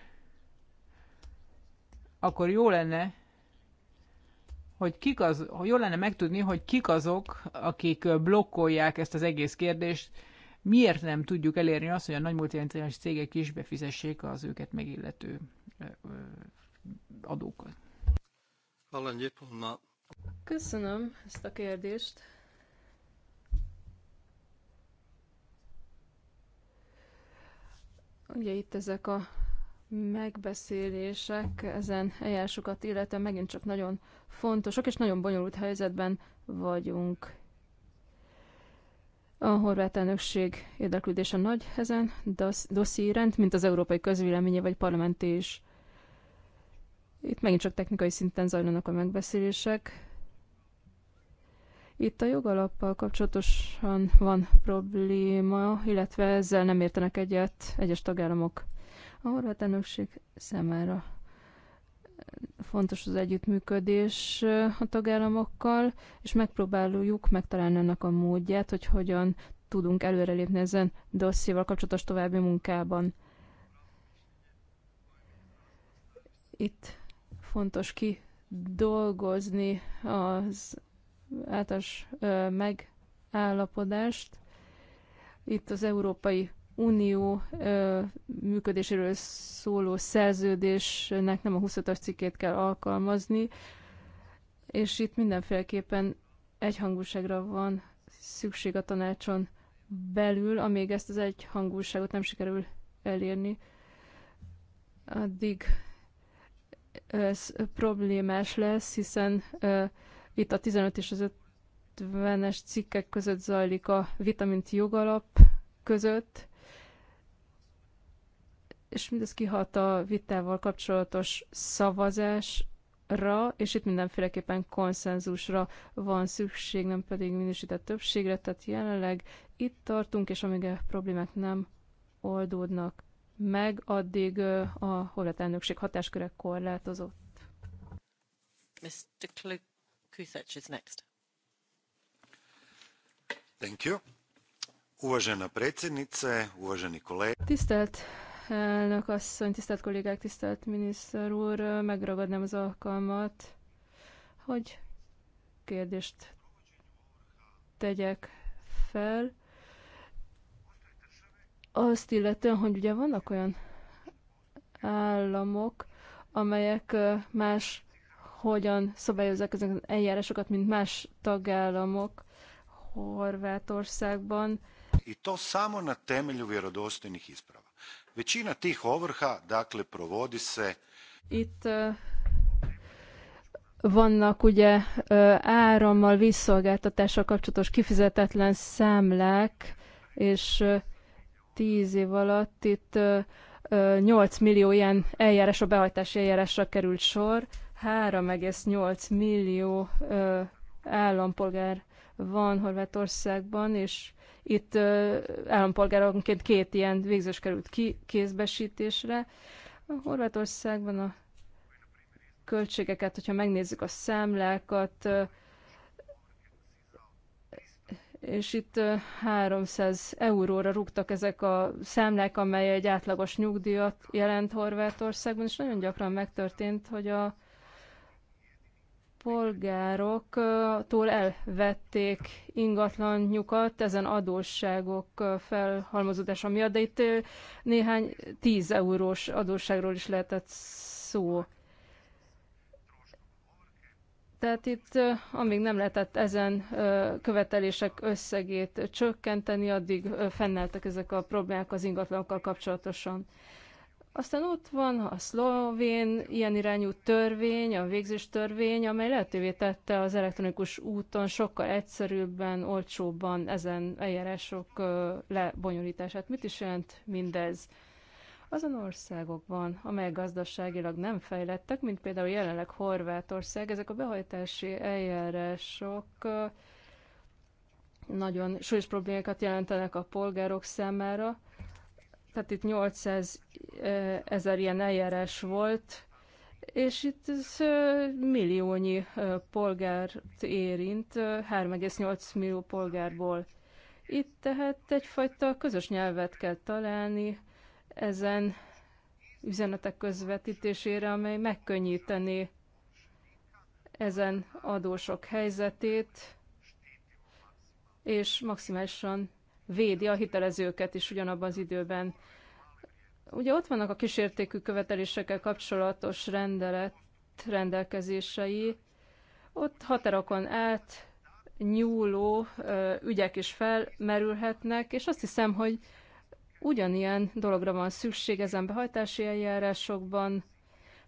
S4: akkor jó lenne, hogy kik az, hogy jó lenne megtudni, hogy kik azok, akik blokkolják ezt az egész kérdést, miért nem tudjuk elérni azt, hogy a nagy multinacionális cégek is befizessék az őket megillető adókat.
S3: Köszönöm ezt a kérdést. Ugye itt ezek a megbeszélések ezen eljárásokat illetve megint csak nagyon fontosak, és nagyon bonyolult helyzetben vagyunk. A horvát elnökség érdeklődése nagy ezen rend mint az európai közvéleménye vagy parlamenti is. Itt megint csak technikai szinten zajlanak a megbeszélések. Itt a jogalappal kapcsolatosan van probléma, illetve ezzel nem értenek egyet egyes tagállamok. A horvát elnökség számára fontos az együttműködés a tagállamokkal, és megpróbáljuk megtalálni annak a módját, hogy hogyan tudunk előrelépni ezen dossziéval kapcsolatos további munkában. Itt fontos kidolgozni az általános megállapodást. Itt az Európai Unió működéséről szóló szerződésnek nem a 25-as cikkét kell alkalmazni, és itt mindenféleképpen egyhangúságra van szükség a tanácson belül, amíg ezt az egyhangúságot nem sikerül elérni, addig ez problémás lesz, hiszen itt a 15 és az 50-es cikkek között zajlik a vitamint jogalap között, és mindez kihat a vitával kapcsolatos szavazásra, és itt mindenféleképpen konszenzusra van szükség, nem pedig minősített többségre, tehát jelenleg itt tartunk, és amíg a problémák nem oldódnak meg, addig a horvát elnökség hatásköre korlátozott.
S2: Mr. Kusic is next. Thank you. Uvažena predsednice, uvaženi kolegi. Tisztelt
S3: elnök asszony, tisztelt kollégák, tisztelt miniszter úr, megragadnám az alkalmat, hogy kérdést tegyek fel azt illetően, hogy ugye vannak olyan államok, amelyek más hogyan szabályozzák ezeket az eljárásokat, mint más tagállamok Horvátországban.
S2: I to samo na temelju vjerodostojnih isprava. Većina tih ovrha, dakle, provodi se...
S3: Itt vannak ugye árammal, visszolgáltatással kapcsolatos kifizetetlen számlák, és tíz év alatt itt 8 millió ilyen eljárásra, behajtási eljárásra került sor, 3,8 millió állampolgár van Horvátországban, és itt állampolgáronként két ilyen végzős került ki, kézbesítésre. A Horvátországban a költségeket, hogyha megnézzük a számlákat, és itt 300 euróra rúgtak ezek a számlák, amely egy átlagos nyugdíjat jelent Horvátországban, és nagyon gyakran megtörtént, hogy a polgároktól elvették ingatlanjukat ezen adósságok felhalmozódása miatt, de itt néhány 10 eurós adósságról is lehetett szó. Tehát itt, amíg nem lehetett ezen követelések összegét csökkenteni, addig fennálltak ezek a problémák az ingatlanokkal kapcsolatosan. Aztán ott van a szlovén ilyen irányú törvény, a végzés törvény, amely lehetővé tette az elektronikus úton sokkal egyszerűbben, olcsóbban ezen eljárások lebonyolítását. Mit is jelent mindez? azon országokban, amely gazdaságilag nem fejlettek, mint például jelenleg Horvátország, ezek a behajtási eljárások nagyon súlyos problémákat jelentenek a polgárok számára. Tehát itt 800 ezer ilyen eljárás volt, és itt ez milliónyi polgárt érint, 3,8 millió polgárból. Itt tehát egyfajta közös nyelvet kell találni, ezen üzenetek közvetítésére, amely megkönnyíteni ezen adósok helyzetét, és maximálisan védi a hitelezőket is ugyanabban az időben. Ugye ott vannak a kísértékű követelésekkel kapcsolatos rendelet rendelkezései, ott határokon át nyúló ö, ügyek is felmerülhetnek, és azt hiszem, hogy Ugyanilyen dologra van szükség ezen behajtási eljárásokban,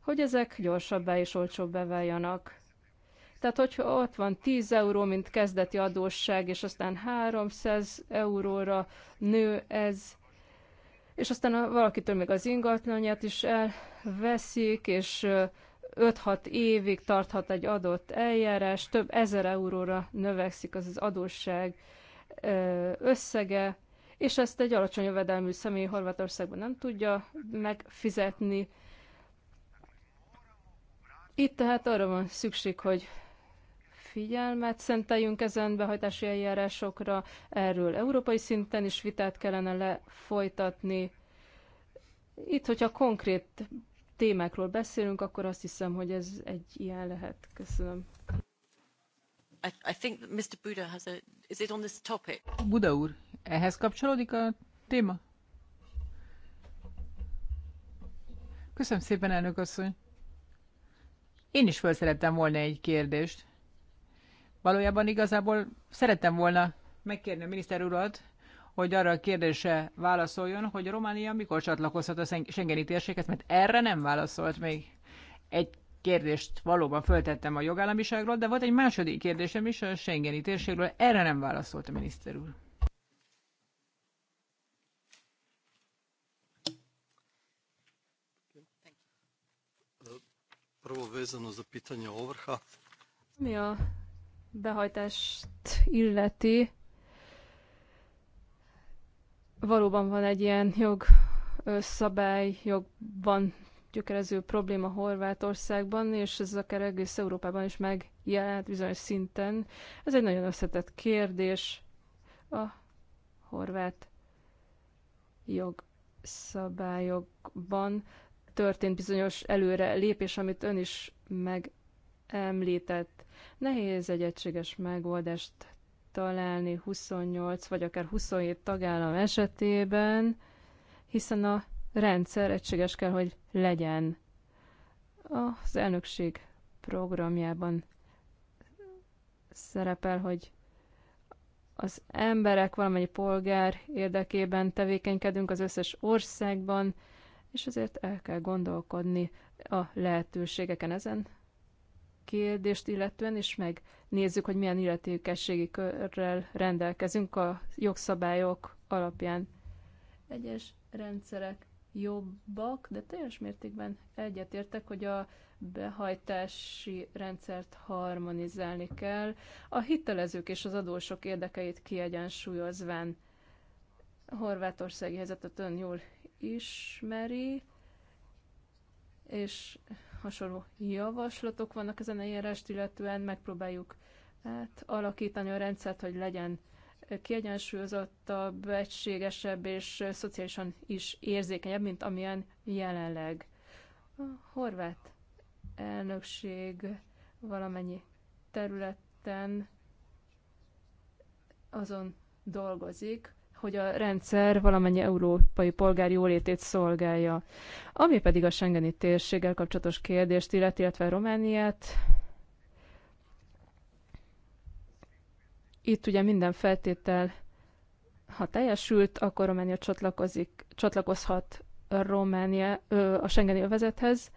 S3: hogy ezek gyorsabbá és olcsóbbá váljanak. Tehát, hogyha ott van 10 euró, mint kezdeti adósság, és aztán 300 euróra nő ez, és aztán a, valakitől még az ingatlanját is elveszik, és 5-6 évig tarthat egy adott eljárás, több ezer euróra növekszik az az adósság összege, és ezt egy alacsony jövedelmű személy Horvátországban nem tudja megfizetni. Itt tehát arra van szükség, hogy figyelmet szenteljünk ezen behajtási eljárásokra, erről európai szinten is vitát kellene lefolytatni. Itt, hogyha konkrét témákról beszélünk, akkor azt hiszem, hogy ez egy ilyen lehet. Köszönöm.
S2: I, I think Mr. Buda has a... Is it on this
S4: topic? Buda úr, ehhez kapcsolódik a téma? Köszönöm szépen, elnök asszony. Én is felszerettem volna egy kérdést. Valójában igazából szerettem volna megkérni a miniszter urat, hogy arra a kérdése válaszoljon, hogy Románia mikor csatlakozhat a Schengeni térséghez, mert erre nem válaszolt még. Egy kérdést valóban föltettem a jogállamiságról, de volt egy második kérdésem is a Schengeni térségről, erre nem válaszolt a miniszter
S2: úr. Prvo vezano za pitanje ovrha.
S3: Mi a behajtást illeti, valóban van egy ilyen jogszabály, jogban gyökerező probléma Horvátországban, és ez akár egész Európában is megjelent bizonyos szinten. Ez egy nagyon összetett kérdés a horvát jogszabályokban történt bizonyos előre lépés, amit ön is megemlített. Nehéz egy egységes megoldást találni 28 vagy akár 27 tagállam esetében, hiszen a rendszer egységes kell, hogy legyen. Az elnökség programjában szerepel, hogy az emberek, valamennyi polgár érdekében tevékenykedünk az összes országban, és ezért el kell gondolkodni a lehetőségeken ezen kérdést illetően, és megnézzük, hogy milyen illetékességi körrel rendelkezünk a jogszabályok alapján. Egyes rendszerek jobbak, de teljes mértékben egyetértek, hogy a behajtási rendszert harmonizálni kell, a hitelezők és az adósok érdekeit kiegyensúlyozván. Horvátországi helyzetet ön jól ismeri, és hasonló javaslatok vannak ezen eljárást, illetően megpróbáljuk hát, alakítani a rendszert, hogy legyen kiegyensúlyozottabb, egységesebb és szociálisan is érzékenyebb, mint amilyen jelenleg. A horvát elnökség valamennyi területen azon dolgozik, hogy a rendszer valamennyi európai polgár jólétét szolgálja. Ami pedig a Schengeni térséggel kapcsolatos kérdést illet, illetve Romániát, itt ugye minden feltétel, ha teljesült, akkor Románia csatlakozik, csatlakozhat Románia ö, a Schengeni övezethez.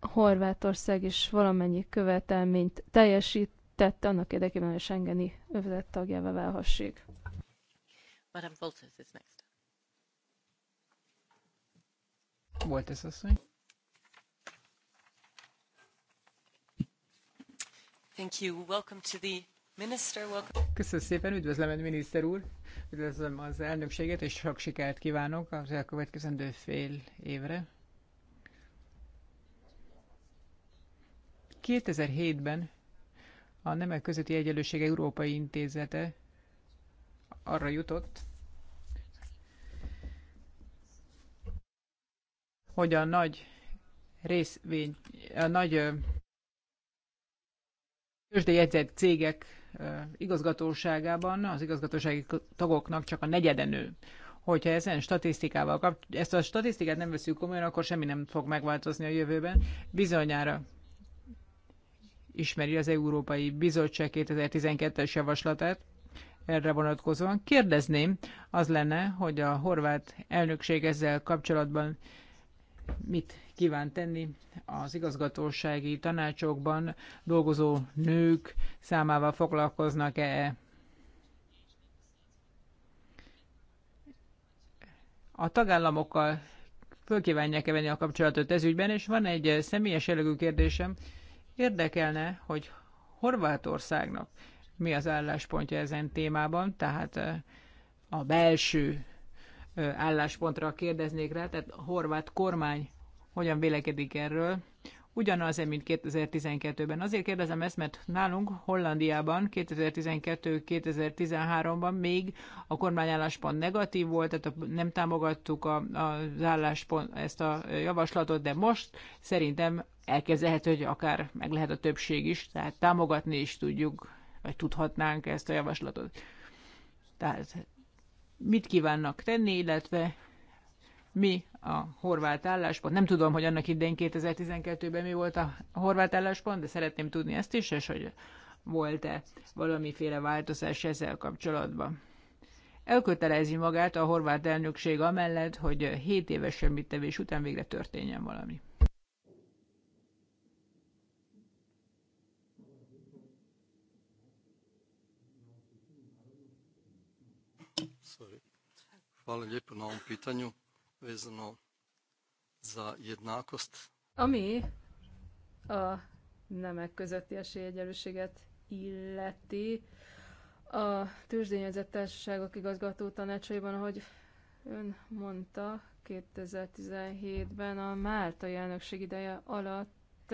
S3: Horvátország is valamennyi követelményt tette annak érdekében, hogy a Schengeni övezet tagjává válhassék.
S4: Madame Voltes is next.
S3: this asszony.
S2: Thank you. Welcome to the minister. Welcome.
S4: Köszönöm szépen, üdvözlöm, miniszter úr. Üdvözlöm az elnökséget, és sok sikert kívánok az elkövetkezendő fél évre. 2007-ben a Nemek Közötti Egyenlőség Európai Intézete arra jutott, hogy a nagy részvény, a nagy tőzsdejegyzett cégek igazgatóságában az igazgatósági tagoknak csak a negyede nő. Hogyha ezen statisztikával kap, ezt a statisztikát nem veszük komolyan, akkor semmi nem fog megváltozni a jövőben. Bizonyára ismeri az Európai Bizottság 2012-es javaslatát, erre vonatkozóan. Kérdezném, az lenne, hogy a horvát elnökség ezzel kapcsolatban mit kíván tenni az igazgatósági tanácsokban dolgozó nők számával foglalkoznak-e a tagállamokkal fölkívánják-e venni a kapcsolatot ügyben, és van egy személyes jellegű kérdésem. Érdekelne, hogy Horvátországnak mi az álláspontja ezen témában, tehát a belső álláspontra kérdeznék rá, tehát a horvát kormány hogyan vélekedik erről, ugyanaz, mint 2012-ben. Azért kérdezem ezt, mert nálunk Hollandiában 2012-2013-ban még a kormányálláspont negatív volt, tehát nem támogattuk a, az álláspont, ezt a javaslatot, de most szerintem elkezdhető, hogy akár meg lehet a többség is, tehát támogatni is tudjuk vagy tudhatnánk ezt a javaslatot. Tehát mit kívánnak tenni, illetve mi a horvát álláspont. Nem tudom, hogy annak idején 2012-ben mi volt a horvát álláspont, de szeretném tudni ezt is, és hogy volt-e valamiféle változás ezzel kapcsolatban. Elkötelezi magát a horvát elnökség amellett, hogy 7 éves semmittevés után végre történjen valami.
S2: Hvala lijepo na ovom pitanju vezano za jednakost.
S3: Ami a nemek közötti esélyegyelőséget illeti, a tőzsdényezett társaságok igazgató tanácsaiban, ahogy ön mondta, 2017-ben a Máltai elnökség ideje alatt,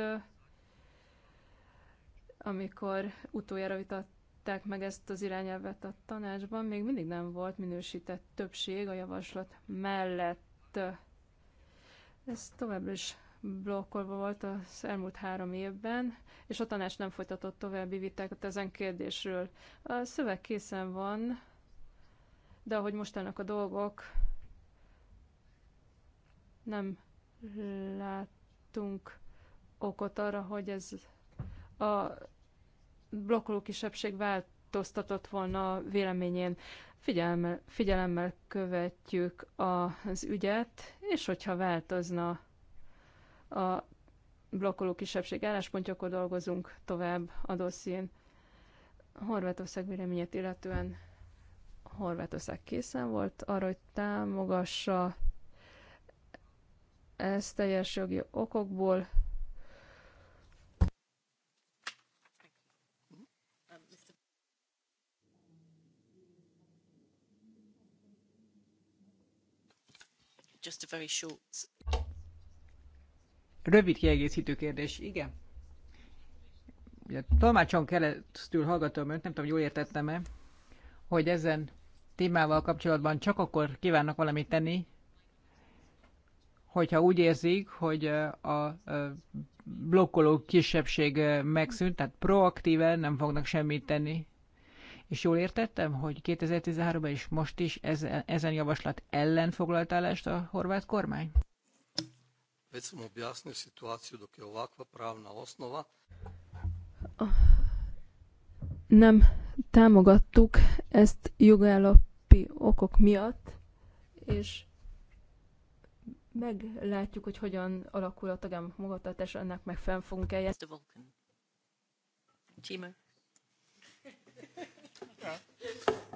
S3: amikor utoljára vitattuk, vitatták meg ezt az irányelvet a tanácsban, még mindig nem volt minősített többség a javaslat mellett. Ez továbbra is blokkolva volt az elmúlt három évben, és a tanács nem folytatott további vitákat ezen kérdésről. A szöveg készen van, de ahogy mostanak a dolgok, nem láttunk okot arra, hogy ez a blokkoló kisebbség változtatott volna a véleményén. Figyelemmel, figyelemmel követjük az ügyet, és hogyha változna a blokkoló kisebbség álláspontja, akkor dolgozunk tovább a dosszín. Horvátország véleményét illetően Horvátország készen volt arra, hogy támogassa ezt teljes jogi okokból,
S4: very short. Rövid kiegészítő kérdés, igen. Ugye, tolmácson keresztül hallgatom önt, nem tudom, jól értettem-e, hogy ezen témával kapcsolatban csak akkor kívánnak valamit tenni, hogyha úgy érzik, hogy a blokkoló kisebbség megszűnt, tehát proaktíven nem fognak semmit tenni. És jól értettem, hogy 2013-ban is most is ezen, ezen javaslat ellen foglaltálást a
S3: horvát kormány? Nem támogattuk ezt jogállapi okok miatt, és meglátjuk, hogy hogyan alakul a tagállamok magatartása, ennek fenn fogunk eljárni. Timo.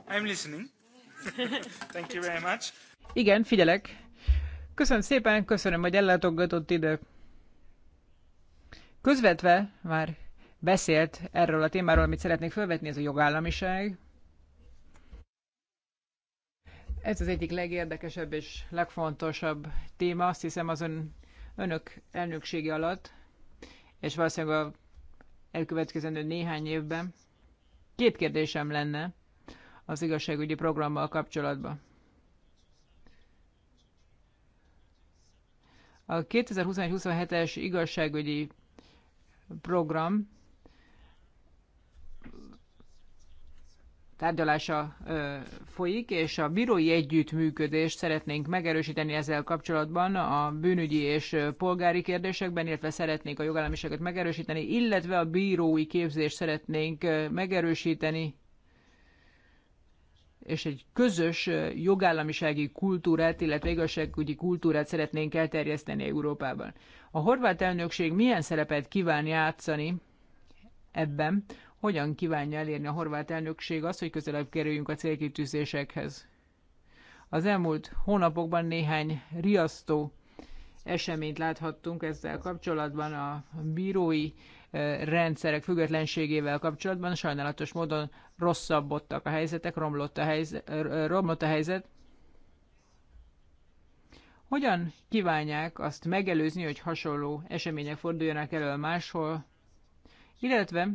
S4: I'm listening. <laughs> Thank you very much. Igen, figyelek. Köszönöm szépen, köszönöm, hogy ellátogatott ide. Közvetve már beszélt erről a témáról, amit szeretnék felvetni, ez a jogállamiság. Ez az egyik legérdekesebb és legfontosabb téma, azt hiszem az ön, önök elnöksége alatt, és valószínűleg a elkövetkezendő néhány évben. Két kérdésem lenne az igazságügyi programmal kapcsolatban. A 2021-27-es igazságügyi program tárgyalása ö, folyik, és a bírói együttműködést szeretnénk megerősíteni ezzel kapcsolatban a bűnügyi és polgári kérdésekben, illetve szeretnénk a jogállamiságot megerősíteni, illetve a bírói képzést szeretnénk megerősíteni és egy közös jogállamisági kultúrát, illetve igazságügyi kultúrát szeretnénk elterjeszteni Európában. A horvát elnökség milyen szerepet kíván játszani ebben? Hogyan kívánja elérni a horvát elnökség azt, hogy közelebb kerüljünk a célkitűzésekhez? Az elmúlt hónapokban néhány riasztó eseményt láthattunk ezzel kapcsolatban a bírói rendszerek függetlenségével kapcsolatban sajnálatos módon rosszabbodtak a helyzetek, romlott a helyzet, romlott a helyzet. Hogyan kívánják azt megelőzni, hogy hasonló események forduljanak elő máshol, illetve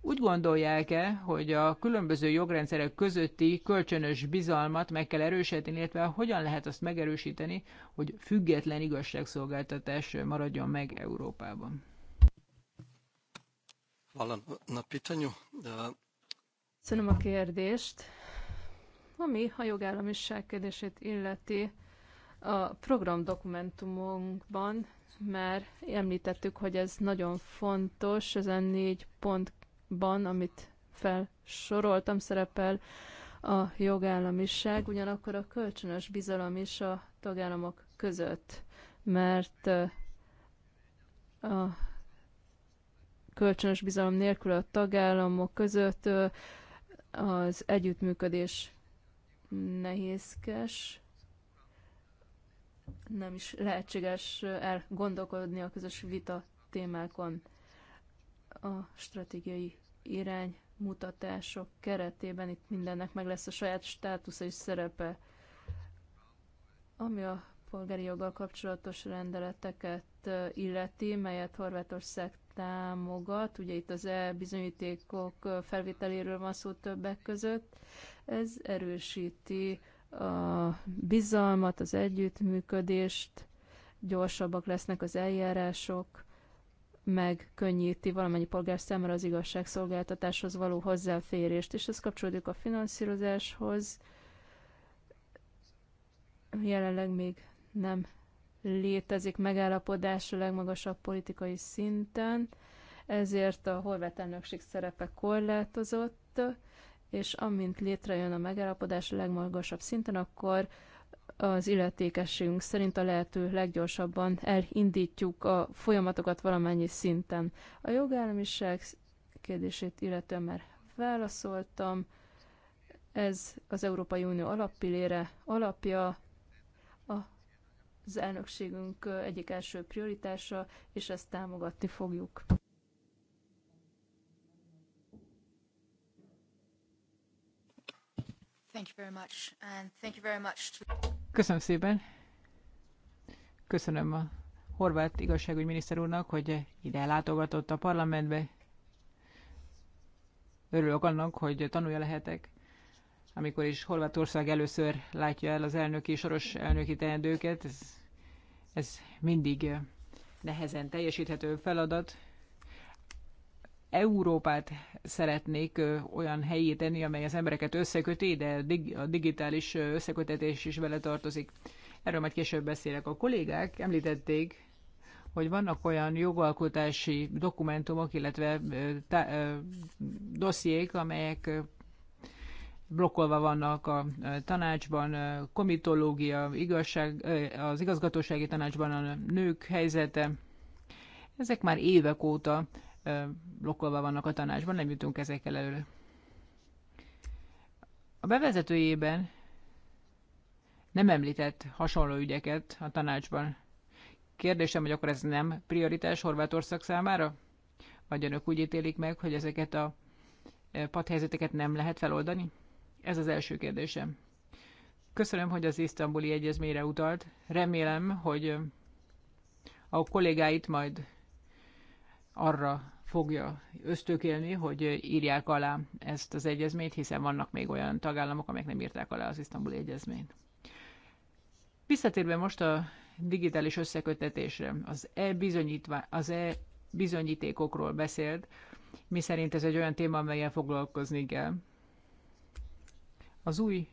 S4: úgy gondolják-e, hogy a különböző jogrendszerek közötti kölcsönös bizalmat meg kell erősíteni, illetve hogyan lehet azt megerősíteni, hogy független igazságszolgáltatás maradjon meg Európában?
S2: Hvala na pitanju.
S3: Köszönöm a kérdést. Ami a jogállamiság kérdését illeti, a programdokumentumunkban már említettük, hogy ez nagyon fontos, ezen négy pontban, amit felsoroltam, szerepel a jogállamiság, ugyanakkor a kölcsönös bizalom is a tagállamok között, mert a kölcsönös bizalom nélkül a tagállamok között az együttműködés nehézkes, nem is lehetséges elgondolkodni a közös vita témákon. A stratégiai irány mutatások keretében itt mindennek meg lesz a saját státusza és szerepe. Ami a polgári joggal kapcsolatos rendeleteket illeti, melyet Horvátország támogat, ugye itt az e bizonyítékok felvételéről van szó többek között, ez erősíti a bizalmat, az együttműködést, gyorsabbak lesznek az eljárások, meg könnyíti valamennyi polgár számára az igazságszolgáltatáshoz való hozzáférést, és ez kapcsolódik a finanszírozáshoz. Jelenleg még nem létezik megállapodás a legmagasabb politikai szinten, ezért a horvát elnökség szerepe korlátozott, és amint létrejön a megállapodás a legmagasabb szinten, akkor az illetékességünk szerint a lehető leggyorsabban elindítjuk a folyamatokat valamennyi szinten. A jogállamiság kérdését illetően már válaszoltam, ez az Európai Unió alappillére alapja, az elnökségünk egyik első prioritása, és ezt támogatni fogjuk.
S4: Köszönöm szépen. Köszönöm a horvát miniszter úrnak, hogy ide látogatott a parlamentbe. Örülök annak, hogy tanulja lehetek amikor is Horvátország először látja el az elnöki, soros elnöki teendőket, ez, ez mindig nehezen teljesíthető feladat. Európát szeretnék olyan helyé tenni, amely az embereket összeköti, de a digitális összekötetés is vele tartozik. Erről majd később beszélek. A kollégák említették, hogy vannak olyan jogalkotási dokumentumok, illetve tá- dossziék, amelyek blokkolva vannak a tanácsban, komitológia, igazság, az igazgatósági tanácsban a nők helyzete. Ezek már évek óta blokkolva vannak a tanácsban, nem jutunk ezekkel elő. A bevezetőjében nem említett hasonló ügyeket a tanácsban. Kérdésem, hogy akkor ez nem prioritás Horvátország számára? Vagy önök úgy ítélik meg, hogy ezeket a padhelyzeteket nem lehet feloldani? Ez az első kérdésem. Köszönöm, hogy az isztambuli egyezményre utalt. Remélem, hogy a kollégáit majd arra fogja ösztökélni, hogy írják alá ezt az egyezményt, hiszen vannak még olyan tagállamok, amelyek nem írták alá az isztambuli egyezményt. Visszatérve most a digitális összekötetésre, az e-bizonyítva, az e bizonyítékokról beszélt, mi szerint ez egy olyan téma, amelyel foglalkozni kell. Az új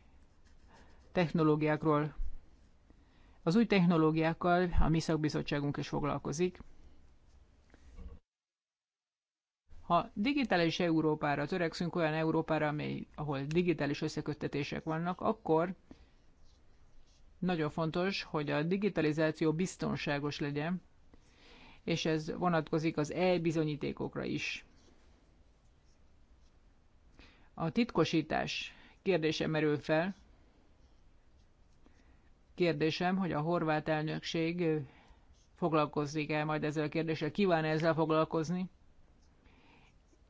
S4: technológiákról, az új technológiákkal a mi szakbizottságunk is foglalkozik. Ha digitális Európára törekszünk, olyan Európára, amely, ahol digitális összeköttetések vannak, akkor nagyon fontos, hogy a digitalizáció biztonságos legyen, és ez vonatkozik az e-bizonyítékokra is. A titkosítás Kérdése merül fel. Kérdésem, hogy a horvát elnökség foglalkozik-e majd ezzel a kérdéssel, kíván ezzel foglalkozni,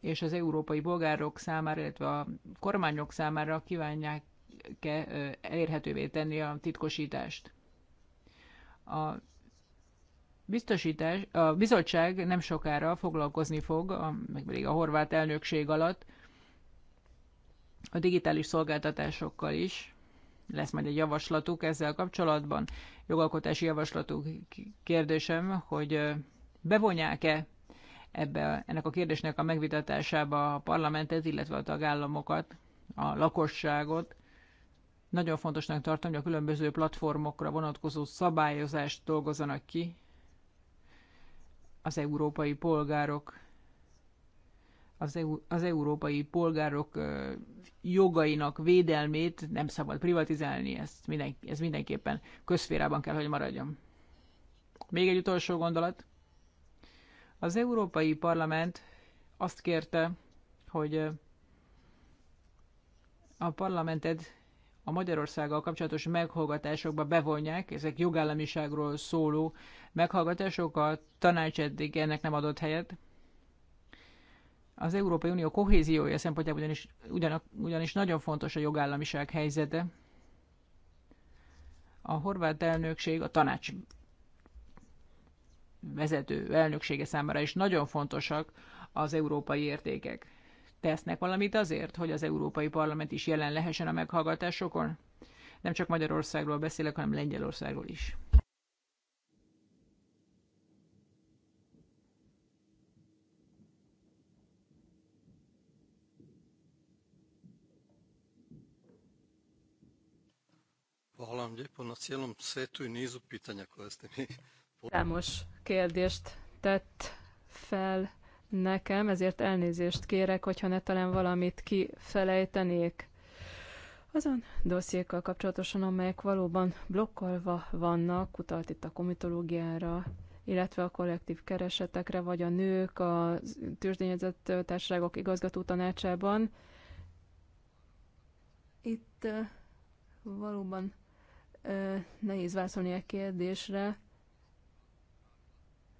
S4: és az európai bolgárok számára, illetve a kormányok számára kívánják-e elérhetővé tenni a titkosítást. A biztosítás, a bizottság nem sokára foglalkozni fog, a, meg pedig a horvát elnökség alatt a digitális szolgáltatásokkal is. Lesz majd egy javaslatuk ezzel kapcsolatban. Jogalkotási javaslatuk kérdésem, hogy bevonják-e ebbe, ennek a kérdésnek a megvitatásába a parlamentet, illetve a tagállamokat, a lakosságot. Nagyon fontosnak tartom, hogy a különböző platformokra vonatkozó szabályozást dolgozzanak ki az európai polgárok az, EU, az európai polgárok jogainak védelmét nem szabad privatizálni, ezt minden, ez mindenképpen közférában kell, hogy maradjon. Még egy utolsó gondolat. Az Európai Parlament azt kérte, hogy a parlamented a Magyarországgal kapcsolatos meghallgatásokba bevonják, ezek jogállamiságról szóló meghallgatások, a tanács eddig ennek nem adott helyet, az Európai Unió kohéziója szempontjából ugyanis, ugyanak, ugyanis nagyon fontos a jogállamiság helyzete. A horvát elnökség, a tanács vezető elnöksége számára is nagyon fontosak az európai értékek. Tesznek valamit azért, hogy az Európai Parlament is jelen lehessen a meghallgatásokon? Nem csak Magyarországról beszélek, hanem Lengyelországról
S2: is. Hvala vam lijepo na cijelom setu i nizu pitanja koje ste mi... Számos
S3: kérdést tett fel nekem, ezért elnézést kérek, hogyha ne talán valamit kifelejtenék. Azon dossziékkal kapcsolatosan, amelyek valóban blokkolva vannak, utalt itt a komitológiára, illetve a kollektív keresetekre, vagy a nők a tőzsdényezett társaságok igazgató tanácsában. Itt valóban nehéz válaszolni a kérdésre,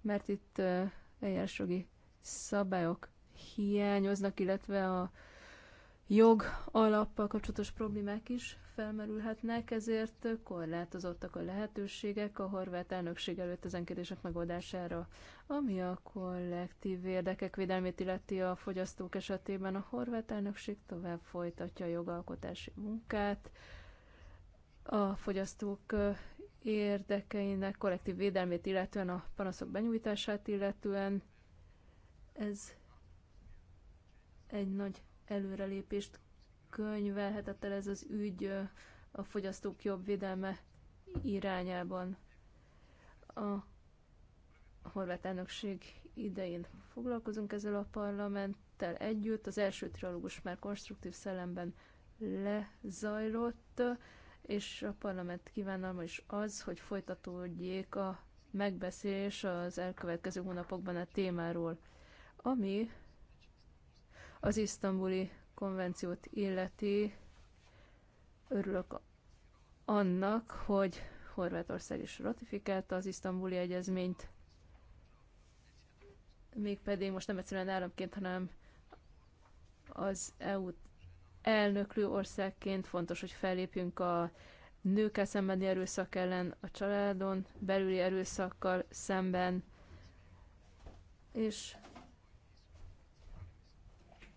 S3: mert itt eljárásjogi szabályok hiányoznak, illetve a jog alappal kapcsolatos problémák is felmerülhetnek, ezért korlátozottak a lehetőségek a horvát elnökség előtt ezen kérdések megoldására. Ami a kollektív érdekek védelmét illeti a fogyasztók esetében, a horvát elnökség tovább folytatja a jogalkotási munkát, a fogyasztók érdekeinek kollektív védelmét illetően, a panaszok benyújtását illetően. Ez egy nagy előrelépést könyvelhetett el ez az ügy a fogyasztók jobb védelme irányában. A horvát elnökség idején foglalkozunk ezzel a parlamenttel együtt. Az első trilógus már konstruktív szellemben lezajlott és a parlament kívánalma is az, hogy folytatódjék a megbeszélés az elkövetkező hónapokban a témáról, ami az isztambuli konvenciót illeti. Örülök annak, hogy Horvátország is ratifikálta az isztambuli egyezményt, mégpedig most nem egyszerűen államként, hanem az EU elnöklő országként fontos, hogy fellépjünk a nőkkel szembeni erőszak ellen, a családon belüli erőszakkal szemben, és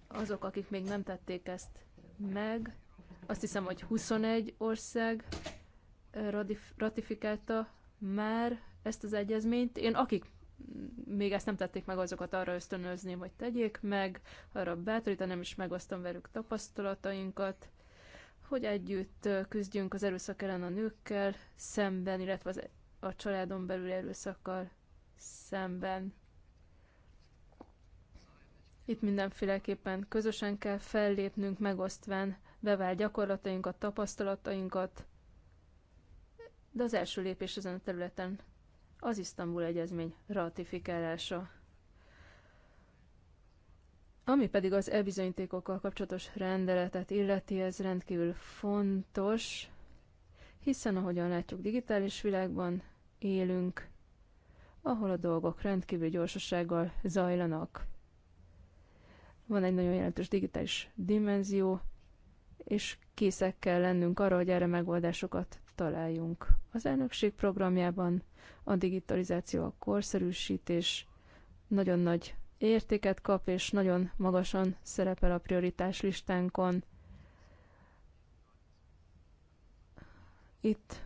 S3: azok, akik még nem tették ezt meg, azt hiszem, hogy 21 ország eh, ratifikálta már ezt az egyezményt. Én akik még ezt nem tették meg, azokat arra ösztönözni hogy tegyék meg, arra bátorítanám is megosztom velük tapasztalatainkat, hogy együtt küzdjünk az erőszak ellen a nőkkel szemben, illetve az, e- a családon belül erőszakkal szemben. Itt mindenféleképpen közösen kell fellépnünk, megosztván bevált gyakorlatainkat, tapasztalatainkat, de az első lépés ezen a területen az Isztambul Egyezmény ratifikálása. Ami pedig az elbizonyítékokkal kapcsolatos rendeletet illeti, ez rendkívül fontos, hiszen ahogyan látjuk, digitális világban élünk, ahol a dolgok rendkívül gyorsasággal zajlanak. Van egy nagyon jelentős digitális dimenzió, és készek kell lennünk arra, hogy erre megoldásokat találjunk. Az elnökség programjában a digitalizáció, a korszerűsítés nagyon nagy értéket kap, és nagyon magasan szerepel a prioritás listánkon. Itt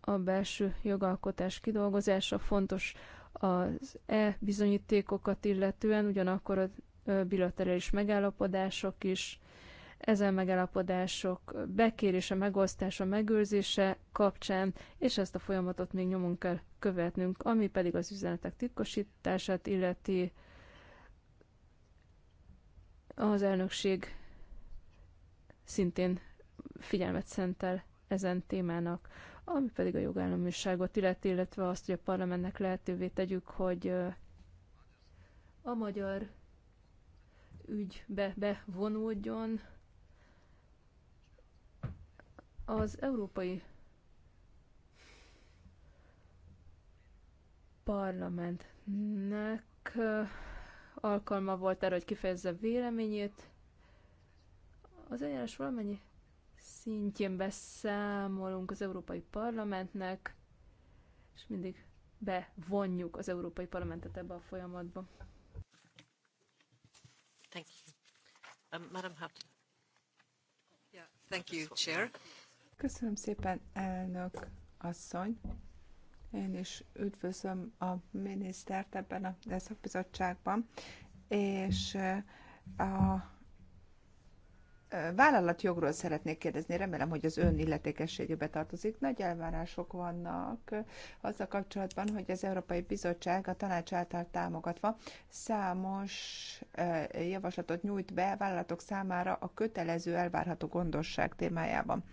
S3: a belső jogalkotás kidolgozása fontos az e-bizonyítékokat illetően, ugyanakkor a bilaterális megállapodások is, ezen megállapodások bekérése, megosztása, megőrzése kapcsán, és ezt a folyamatot még nyomon kell követnünk, ami pedig az üzenetek titkosítását illeti az elnökség szintén figyelmet szentel ezen témának, ami pedig a jogállamiságot illeti, illetve azt, hogy a parlamentnek lehetővé tegyük, hogy a magyar ügybe bevonódjon, az Európai Parlamentnek alkalma volt erre, hogy kifejezze véleményét. Az eljárás valamennyi szintjén beszámolunk az Európai Parlamentnek, és mindig bevonjuk az Európai Parlamentet ebbe a folyamatba.
S4: Thank you. Um, Madam Hauptmann. Yeah,
S1: thank you, Chair. Köszönöm szépen, elnök asszony. Én is üdvözlöm a minisztert ebben a szakbizottságban, és eh, a eh, vállalatjogról szeretnék kérdezni, remélem, hogy az ön illetékességébe tartozik. Nagy elvárások vannak eh, azzal kapcsolatban, hogy az Európai Bizottság a tanács által támogatva számos javaslatot nyújt be vállalatok számára a kötelező elvárható gondosság témájában.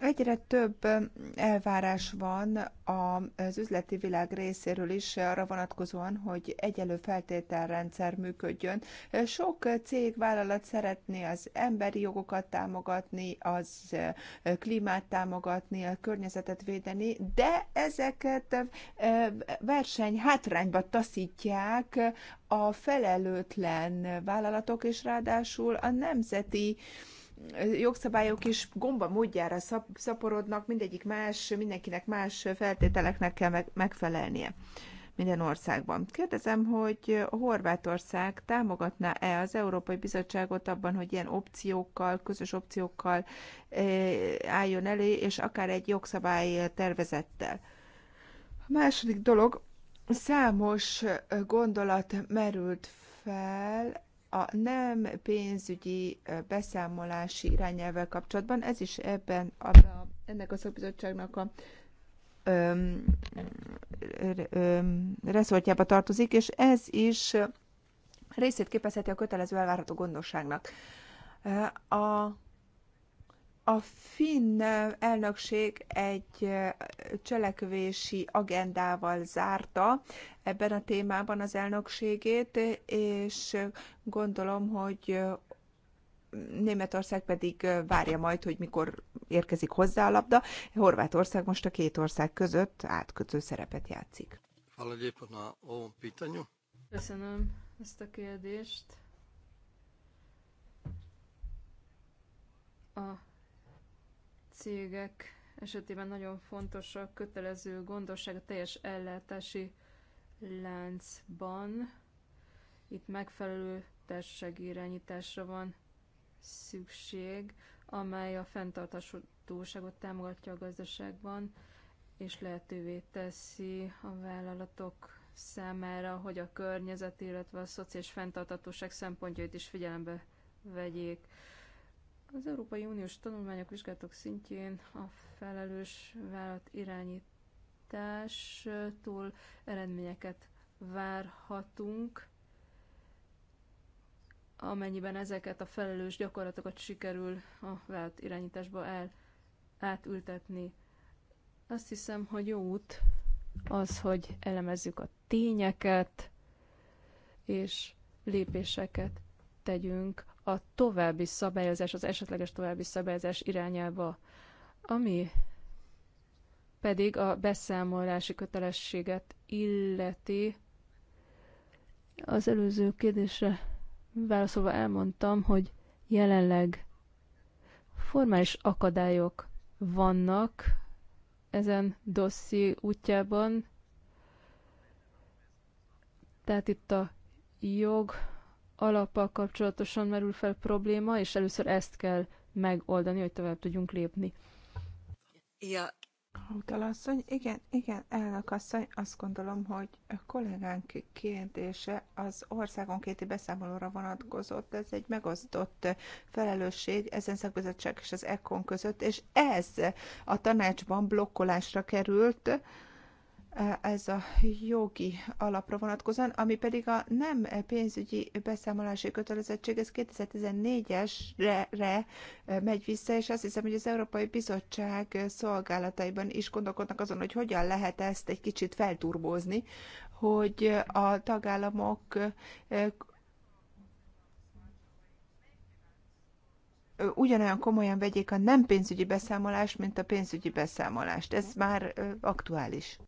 S1: Egyre több elvárás van az üzleti világ részéről is arra vonatkozóan, hogy egyelő feltételrendszer működjön. Sok cég, vállalat szeretné az emberi jogokat támogatni, az klímát támogatni, a környezetet védeni, de ezeket verseny hátrányba taszítják a felelőtlen vállalatok, és ráadásul a nemzeti jogszabályok is gomba módjára szaporodnak, mindegyik más, mindenkinek más feltételeknek kell megfelelnie minden országban. Kérdezem, hogy a Horvátország támogatná-e az Európai Bizottságot abban, hogy ilyen opciókkal, közös opciókkal eh, álljon elé, és akár egy jogszabály tervezettel. A második dolog, számos gondolat merült fel a nem pénzügyi beszámolási irányelvvel kapcsolatban, ez is ebben a, ennek a szakbizottságnak a öm, öm, reszortjába tartozik, és ez is részét képezheti a kötelező elvárható gondosságnak. A a finn elnökség egy cselekvési agendával zárta ebben a témában az elnökségét, és gondolom, hogy Németország pedig várja majd, hogy mikor érkezik hozzá a labda. Horvátország most a két ország között átkötő szerepet játszik.
S3: Köszönöm ezt a kérdést. A cégek esetében nagyon fontos a kötelező gondosság a teljes ellátási láncban. Itt megfelelő társasági irányításra van szükség, amely a fenntarthatóságot támogatja a gazdaságban, és lehetővé teszi a vállalatok számára, hogy a környezet, illetve a szociális fenntartatóság szempontjait is figyelembe vegyék. Az Európai Uniós tanulmányok vizsgálatok szintjén a felelős vállalat irányítástól eredményeket várhatunk, amennyiben ezeket a felelős gyakorlatokat sikerül a vállalat irányításba el, átültetni. Azt hiszem, hogy jó út az, hogy elemezzük a tényeket, és lépéseket tegyünk a további szabályozás, az esetleges további szabályozás irányába, ami pedig a beszámolási kötelességet illeti. Az előző kérdésre válaszolva elmondtam, hogy jelenleg formális akadályok vannak ezen dosszi útjában. Tehát itt a jog alappal kapcsolatosan merül fel probléma, és először ezt kell megoldani, hogy tovább tudjunk lépni.
S1: Ja. Utalasszony, igen, igen, elnök asszony, azt gondolom, hogy a kollégánk kérdése az országonkéti beszámolóra vonatkozott, ez egy megosztott felelősség ezen szakbizottság és az ECON között, és ez a tanácsban blokkolásra került, ez a jogi alapra vonatkozóan, ami pedig a nem pénzügyi beszámolási kötelezettség, ez 2014-esre megy vissza, és azt hiszem, hogy az Európai Bizottság szolgálataiban is gondolkodnak azon, hogy hogyan lehet ezt egy kicsit felturbózni, hogy a tagállamok ugyanolyan komolyan vegyék a nem pénzügyi beszámolást, mint a pénzügyi beszámolást. Ez már
S3: aktuális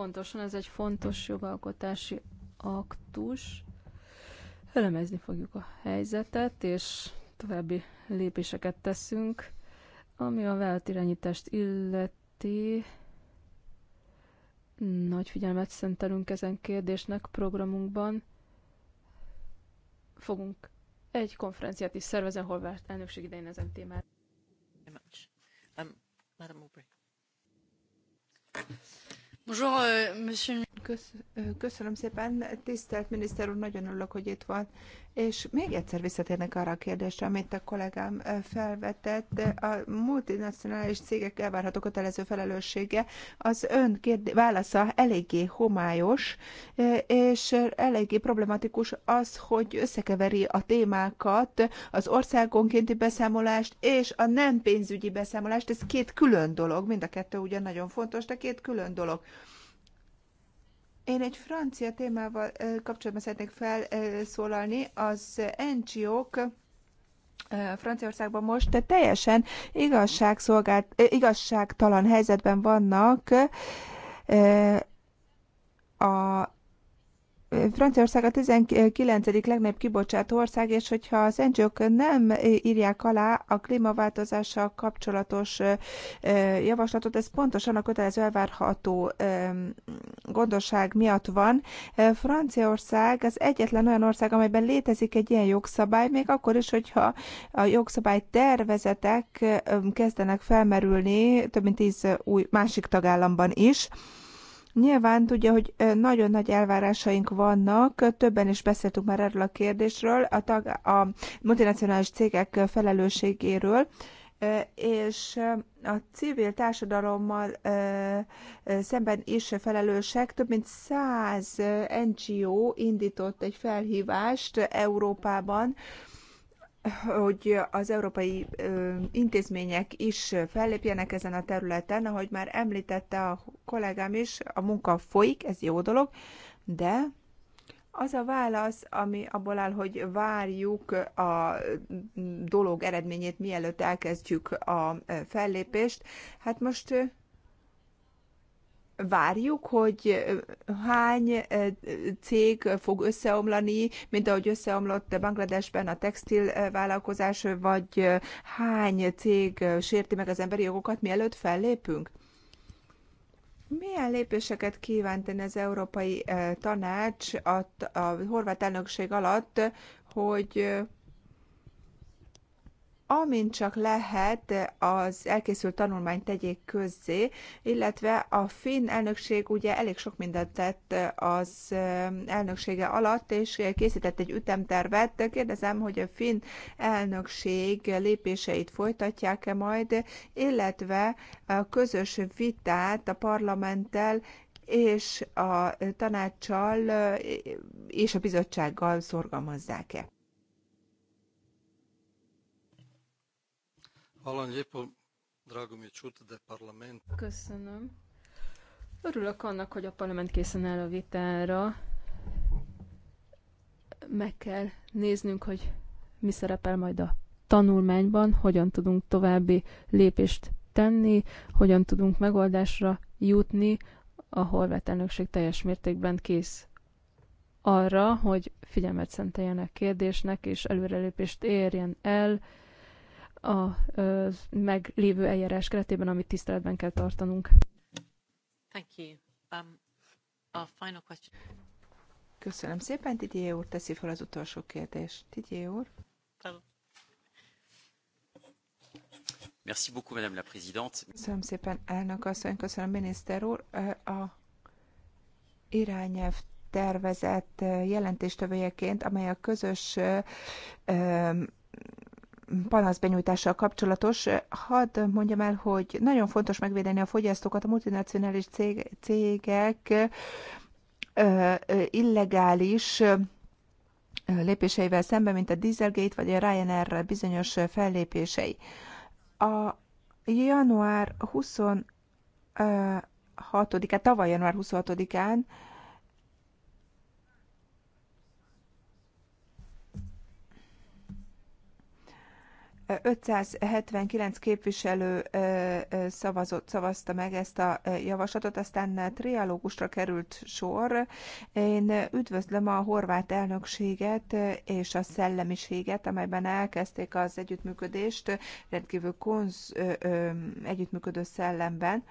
S3: pontosan, ez egy fontos jogalkotási aktus. Elemezni fogjuk a helyzetet, és további lépéseket teszünk, ami a vállalatirányítást illeti. Nagy figyelmet szentelünk ezen kérdésnek programunkban. Fogunk egy konferenciát is szervezni, várt elnökség idején ezen témát
S2: Madame Aubrey.
S1: Euh, monsieur. Köszönöm szépen, tisztelt miniszter úr, nagyon örülök, hogy itt van. És még egyszer visszatérnek arra a kérdésre, amit a kollégám felvetett. A multinacionális cégek elvárható kötelező felelőssége az ön kérdé- válasza eléggé homályos, és eléggé problematikus az, hogy összekeveri a témákat, az országonkénti beszámolást és a nem pénzügyi beszámolást. Ez két külön dolog, mind a kettő ugyan nagyon fontos, de két külön dolog. Én egy francia témával kapcsolatban szeretnék felszólalni. Az NGO-k Franciaországban most de teljesen igazságszolgált, igazságtalan helyzetben vannak a Franciaország a 19. legnagyobb kibocsátó ország, és hogyha az ngo nem írják alá a klímaváltozással kapcsolatos javaslatot, ez pontosan a kötelező elvárható gondosság miatt van. Franciaország az egyetlen olyan ország, amelyben létezik egy ilyen jogszabály, még akkor is, hogyha a jogszabály tervezetek kezdenek felmerülni több mint tíz új másik tagállamban is. Nyilván tudja, hogy nagyon nagy elvárásaink vannak, többen is beszéltünk már erről a kérdésről, a, tag, a multinacionális cégek felelősségéről, és a civil társadalommal szemben is felelősek. Több mint száz NGO indított egy felhívást Európában hogy az európai intézmények is fellépjenek ezen a területen, ahogy már említette a kollégám is, a munka folyik, ez jó dolog, de az a válasz, ami abból áll, hogy várjuk a dolog eredményét, mielőtt elkezdjük a fellépést, hát most várjuk, hogy hány cég fog összeomlani, mint ahogy összeomlott Bangladesben a textil vállalkozás, vagy hány cég sérti meg az emberi jogokat, mielőtt fellépünk? Milyen lépéseket kíván tenni az Európai Tanács a, a horvát elnökség alatt, hogy amint csak lehet, az elkészült tanulmányt tegyék közzé, illetve a finn elnökség ugye elég sok mindent tett az um, elnöksége alatt, és készített egy ütemtervet. Kérdezem, hogy a finn elnökség lépéseit folytatják-e majd, illetve a közös vitát a parlamenttel és a tanácssal uh, és a bizottsággal szorgalmazzák-e.
S3: Köszönöm. Örülök annak, hogy a parlament készen áll a vitára. Meg kell néznünk, hogy mi szerepel majd a tanulmányban, hogyan tudunk további lépést tenni, hogyan tudunk megoldásra jutni. A horvát elnökség teljes mértékben kész arra, hogy figyelmet szenteljenek kérdésnek, és előrelépést érjen el, a meglévő eljárás keretében, amit tiszteletben kell tartanunk.
S4: Thank you. Um, a final question.
S1: Köszönöm szépen, Tidié úr teszi fel az utolsó kérdést. Tidié úr.
S4: Merci beaucoup, Madame la Présidente. Köszönöm szépen,
S1: elnök asszony, köszönöm, miniszter úr. A irányelv tervezett jelentéstövőjeként, amely a közös panaszbenyújtással kapcsolatos, hadd mondjam el, hogy nagyon fontos megvédeni a fogyasztókat a multinacionális cégek illegális lépéseivel szemben, mint a Dieselgate vagy a Ryanair bizonyos fellépései. A január 20 6-án, tavaly január 26-án 579 képviselő szavazott, szavazta meg ezt a javaslatot, aztán triálógusra került sor. Én üdvözlöm a horvát elnökséget és a szellemiséget, amelyben elkezdték az együttműködést, rendkívül konz, együttműködő szellemben.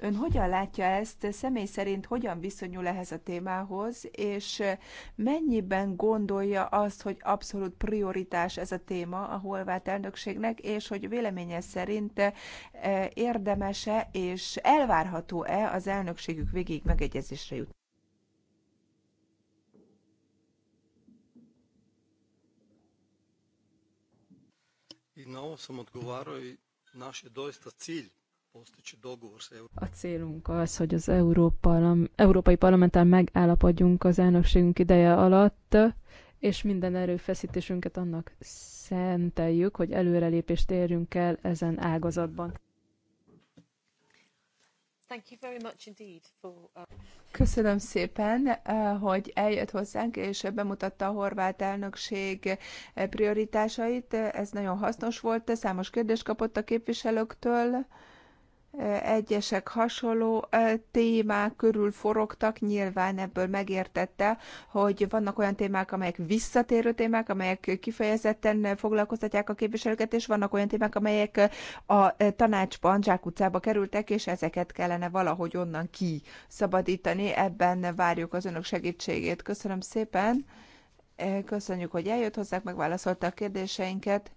S1: Ön hogyan látja ezt, személy szerint hogyan viszonyul ehhez a témához, és mennyiben gondolja azt, hogy abszolút prioritás ez a téma a holvát elnökségnek, és hogy véleménye szerint e, érdemese és elvárható-e az elnökségük végig megegyezésre jut?
S2: I na ovo sam odgovarao i naš je doista
S3: cilj a célunk az, hogy az Európa, Európai Parlamenttel megállapodjunk az elnökségünk ideje alatt, és minden erőfeszítésünket annak szenteljük, hogy előrelépést érjünk el ezen ágazatban.
S2: Uh,
S3: Köszönöm
S1: szépen, eh, hogy eljött hozzánk, és bemutatta a horvát elnökség eh, prioritásait. Ez nagyon hasznos volt, számos kérdést kapott a képviselőktől egyesek hasonló témák körül forogtak, nyilván ebből megértette, hogy vannak olyan témák, amelyek visszatérő témák, amelyek kifejezetten foglalkoztatják a képviselőket, és vannak olyan témák, amelyek a tanácsban, zsákutcába kerültek, és ezeket kellene valahogy onnan kiszabadítani. Ebben várjuk az önök segítségét. Köszönöm szépen! Köszönjük, hogy eljött hozzák, megválaszolta a kérdéseinket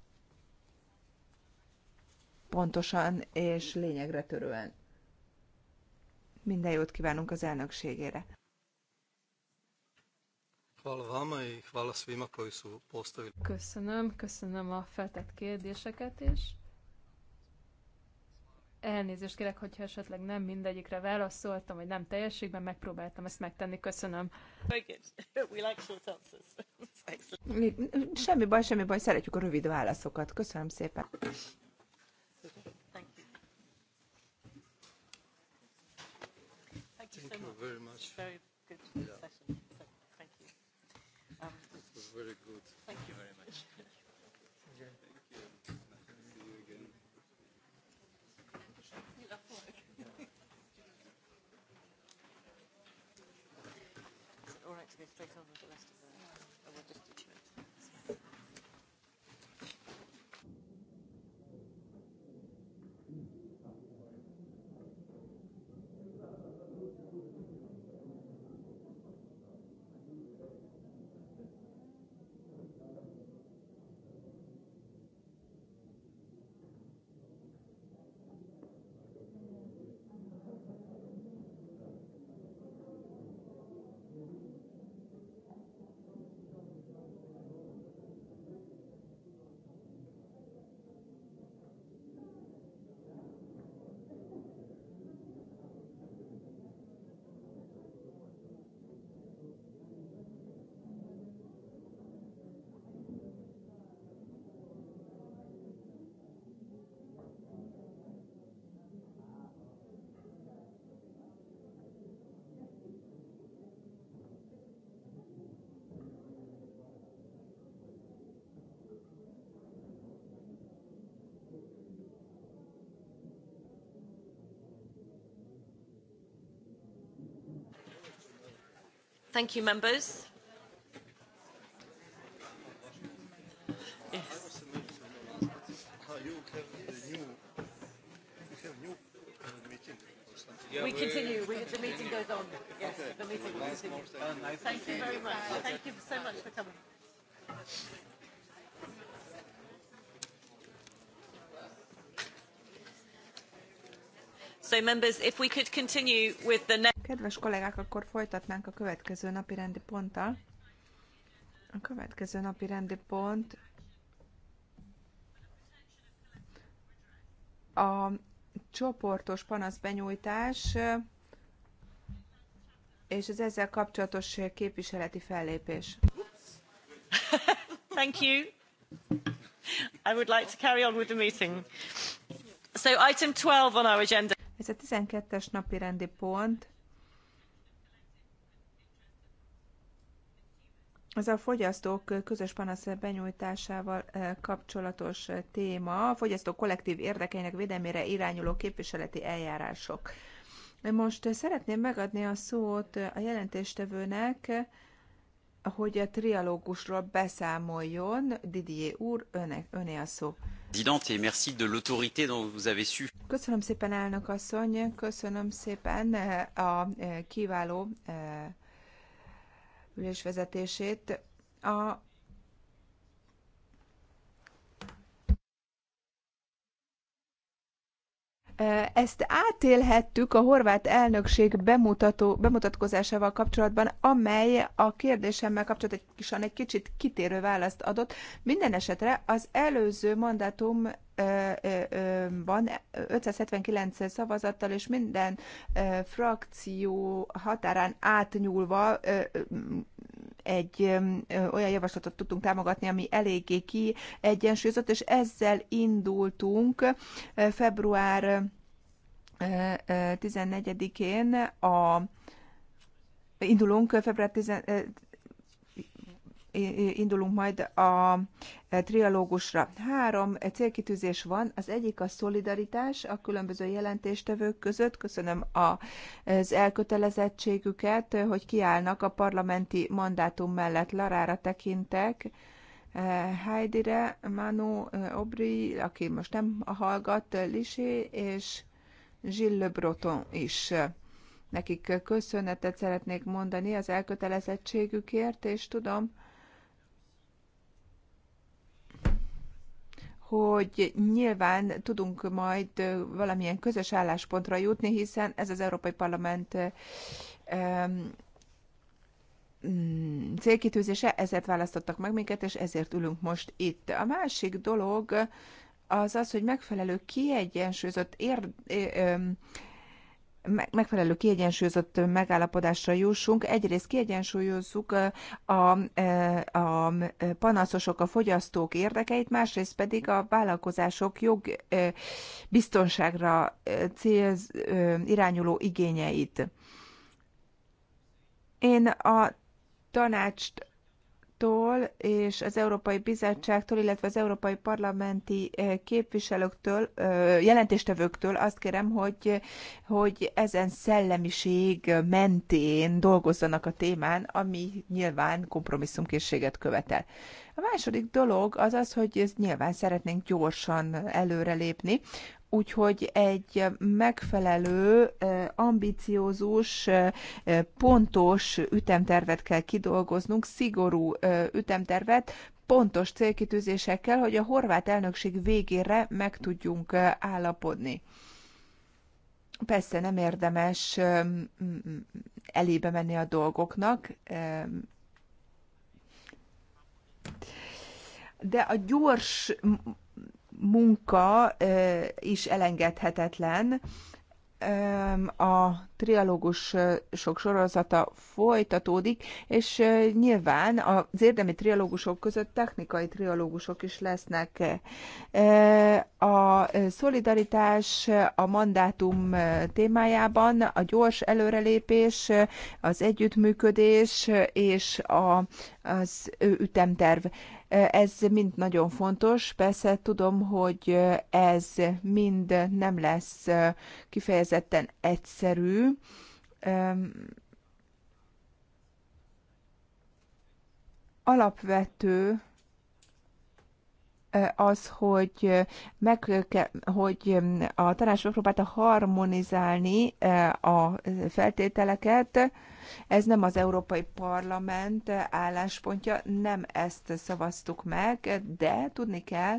S1: pontosan és lényegre törően. Minden jót kívánunk az elnökségére.
S3: Köszönöm, köszönöm a feltett kérdéseket is. Elnézést kérek, hogyha esetleg nem mindegyikre válaszoltam, vagy nem teljességben, megpróbáltam ezt megtenni. Köszönöm.
S2: <laughs>
S3: <laughs>
S1: Semmi baj, semmi baj, szeretjük a rövid válaszokat. Köszönöm szépen.
S3: very
S2: much. Very good yeah. session. thank you. Um, this was very good. Thank, thank you very much. Thank you. Thank you. Nice to see you again.
S4: You love work. <laughs> all right to go straight on with the rest of
S2: Thank you, members. Yes. We continue. We, the meeting goes on. Yes, okay. the meeting will continue. Thank you very much. Thank you
S3: so much for coming.
S1: So, members, if we could continue with the next. Kedves kollégák, akkor folytatnánk a következő napi rendi ponttal. A következő napi rendi pont a csoportos panaszbenyújtás és az ezzel kapcsolatos képviseleti fellépés. Thank
S4: you. I would like to carry on with the meeting.
S1: So item 12 on our agenda. Ez a 12-es napi rendi pont Ez a fogyasztók közös panasz benyújtásával eh, kapcsolatos eh, téma, a fogyasztók kollektív érdekeinek védelmére irányuló képviseleti eljárások. Most eh, szeretném megadni a szót a jelentéstevőnek, hogy a trialógusról beszámoljon. Didier úr, önnek öné a szó. Köszönöm szépen, elnök asszony, köszönöm szépen a kiváló ülésvezetését. A Ezt átélhettük a horvát elnökség bemutató, bemutatkozásával kapcsolatban, amely a kérdésemmel kapcsolatban egy kicsit kitérő választ adott. Minden esetre az előző mandátum van 579 szavazattal, és minden frakció határán átnyúlva egy olyan javaslatot tudtunk támogatni, ami eléggé kiegyensúlyozott, és ezzel indultunk február 14-én a Indulunk február indulunk majd a trialógusra. Három célkitűzés van, az egyik a szolidaritás a különböző jelentéstevők között. Köszönöm az elkötelezettségüket, hogy kiállnak a parlamenti mandátum mellett. Larára tekintek, eh, Heidire, Manu, Obri, eh, aki most nem hallgat, eh, Lisi és Gilles Le Breton is. Nekik köszönetet szeretnék mondani az elkötelezettségükért, és tudom, hogy nyilván tudunk majd valamilyen közös álláspontra jutni, hiszen ez az Európai Parlament mm, célkitűzése, ezért választottak meg minket, és ezért ülünk most itt. A másik dolog az az, hogy megfelelő kiegyensúlyozott ér, megfelelő kiegyensúlyozott megállapodásra jussunk. Egyrészt kiegyensúlyozzuk a, a panaszosok, a fogyasztók érdekeit, másrészt pedig a vállalkozások jog biztonságra célz, irányuló igényeit. Én a tanács tól és az Európai Bizottságtól, illetve az Európai Parlamenti eh, képviselőktől, eh, jelentéstevőktől azt kérem, hogy, hogy ezen szellemiség mentén dolgozzanak a témán, ami nyilván kompromisszumkészséget követel. A második dolog az az, hogy nyilván szeretnénk gyorsan előrelépni. Úgyhogy egy megfelelő, ambiciózus, pontos ütemtervet kell kidolgoznunk, szigorú ütemtervet, pontos célkitűzésekkel, hogy a horvát elnökség végére meg tudjunk állapodni. Persze nem érdemes elébe menni a dolgoknak, de a gyors munka is elengedhetetlen. A trialógus sok sorozata folytatódik, és nyilván az érdemi trialógusok között technikai trialógusok is lesznek. A szolidaritás a mandátum témájában, a gyors előrelépés, az együttműködés és a az ütemterv. Ez mind nagyon fontos. Persze tudom, hogy ez mind nem lesz kifejezetten egyszerű. Alapvető az, hogy, meg, hogy a tanács megpróbálta harmonizálni e, a feltételeket. Ez nem az Európai Parlament álláspontja, nem ezt szavaztuk meg, de tudni kell,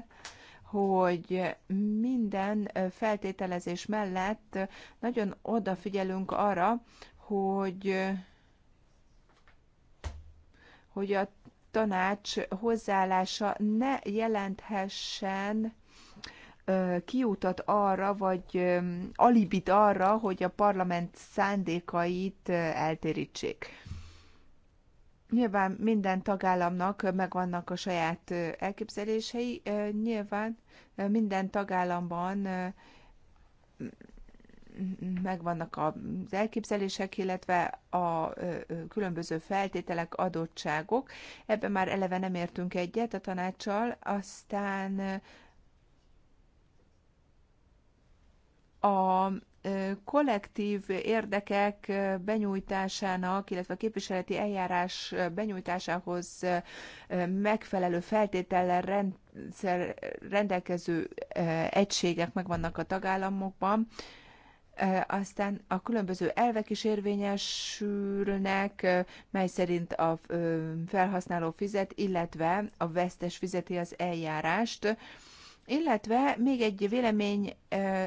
S1: hogy minden feltételezés mellett nagyon odafigyelünk arra, hogy hogy a tanács hozzáállása ne jelenthessen kiútat arra, vagy alibit arra, hogy a parlament szándékait eltérítsék. Nyilván minden tagállamnak megvannak a saját elképzelései, nyilván minden tagállamban megvannak az elképzelések, illetve a különböző feltételek, adottságok. Ebben már eleve nem értünk egyet a tanácssal, aztán a kollektív érdekek benyújtásának, illetve a képviseleti eljárás benyújtásához megfelelő feltétellel rendszer, rendelkező egységek megvannak a tagállamokban aztán a különböző elvek is érvényesülnek, mely szerint a felhasználó fizet, illetve a vesztes fizeti az eljárást. Illetve még egy vélemény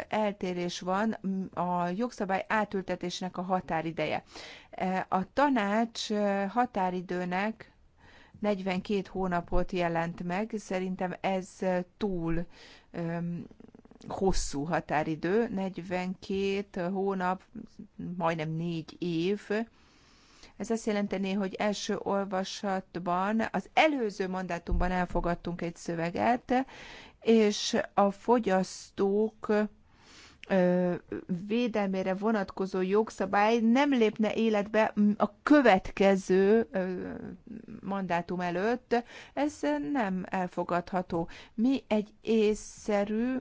S1: eltérés van a jogszabály átültetésnek a határideje. A tanács határidőnek 42 hónapot jelent meg, szerintem ez túl hosszú határidő, 42 hónap, majdnem 4 év. Ez azt jelenteni, hogy első olvasatban, az előző mandátumban elfogadtunk egy szöveget, és a fogyasztók védelmére vonatkozó jogszabály nem lépne életbe a következő mandátum előtt, ez nem elfogadható. Mi egy észszerű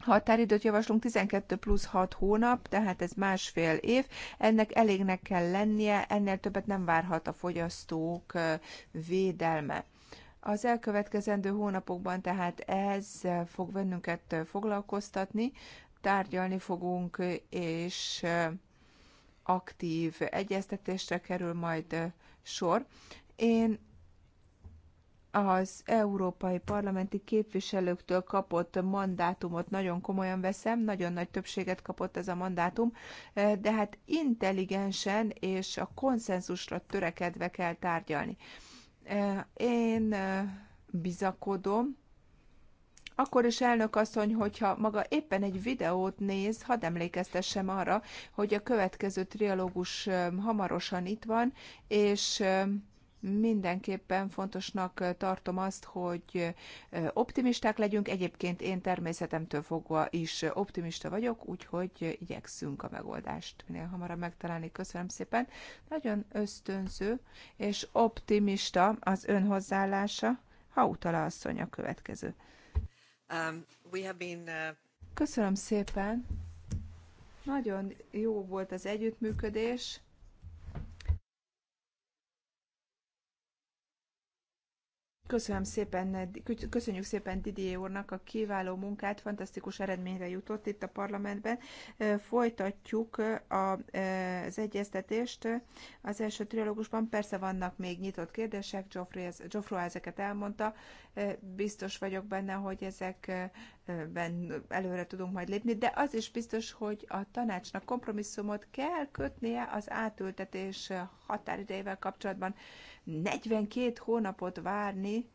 S1: Határidőt javaslunk 12 plusz 6 hónap, tehát ez másfél év. Ennek elégnek kell lennie, ennél többet nem várhat a fogyasztók védelme. Az elkövetkezendő hónapokban tehát ez fog bennünket foglalkoztatni, tárgyalni fogunk, és aktív egyeztetésre kerül majd sor. Én az európai parlamenti képviselőktől kapott mandátumot nagyon komolyan veszem, nagyon nagy többséget kapott ez a mandátum, eh, de hát intelligensen és a konszenzusra törekedve kell tárgyalni. Eh, én eh, bizakodom, akkor is elnök asszony, hogyha maga éppen egy videót néz, hadd emlékeztessem arra, hogy a következő trialógus hamarosan itt van, és mindenképpen fontosnak tartom azt, hogy optimisták legyünk. Egyébként én természetemtől fogva is optimista vagyok, úgyhogy igyekszünk a megoldást minél hamarabb megtalálni. Köszönöm szépen. Nagyon ösztönző és optimista az ön hozzáállása. Hautala asszony a következő. Um, we have been, uh... Köszönöm szépen. Nagyon jó volt az együttműködés Köszönöm szépen, köszönjük szépen Didier úrnak a kiváló munkát, fantasztikus eredményre jutott itt a parlamentben. Folytatjuk az egyeztetést. Az első trilógusban persze vannak még nyitott kérdések, Geoffrey, Geoffroy ezeket elmondta. Biztos vagyok benne, hogy ezek ben előre tudunk majd lépni, de az is biztos, hogy a tanácsnak kompromisszumot kell kötnie az átültetés határidejével kapcsolatban. 42 hónapot várni,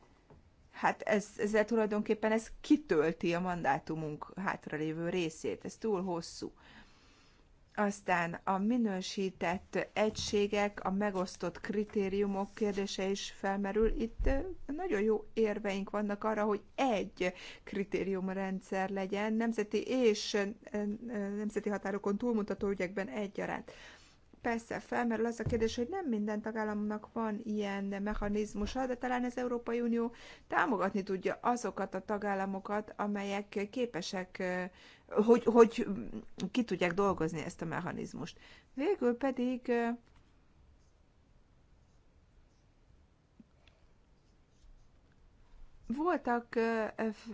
S1: hát ez, ezzel tulajdonképpen ez kitölti a mandátumunk hátralévő részét, ez túl hosszú. Aztán a minősített egységek, a megosztott kritériumok kérdése is felmerül. Itt nagyon jó érveink vannak arra, hogy egy kritériumrendszer legyen, nemzeti és nemzeti határokon túlmutató ügyekben egyaránt. Persze felmerül az a kérdés, hogy nem minden tagállamnak van ilyen mechanizmusa, de talán az Európai Unió támogatni tudja azokat a tagállamokat, amelyek képesek, hogy, hogy ki tudják dolgozni ezt a mechanizmust. Végül pedig Voltak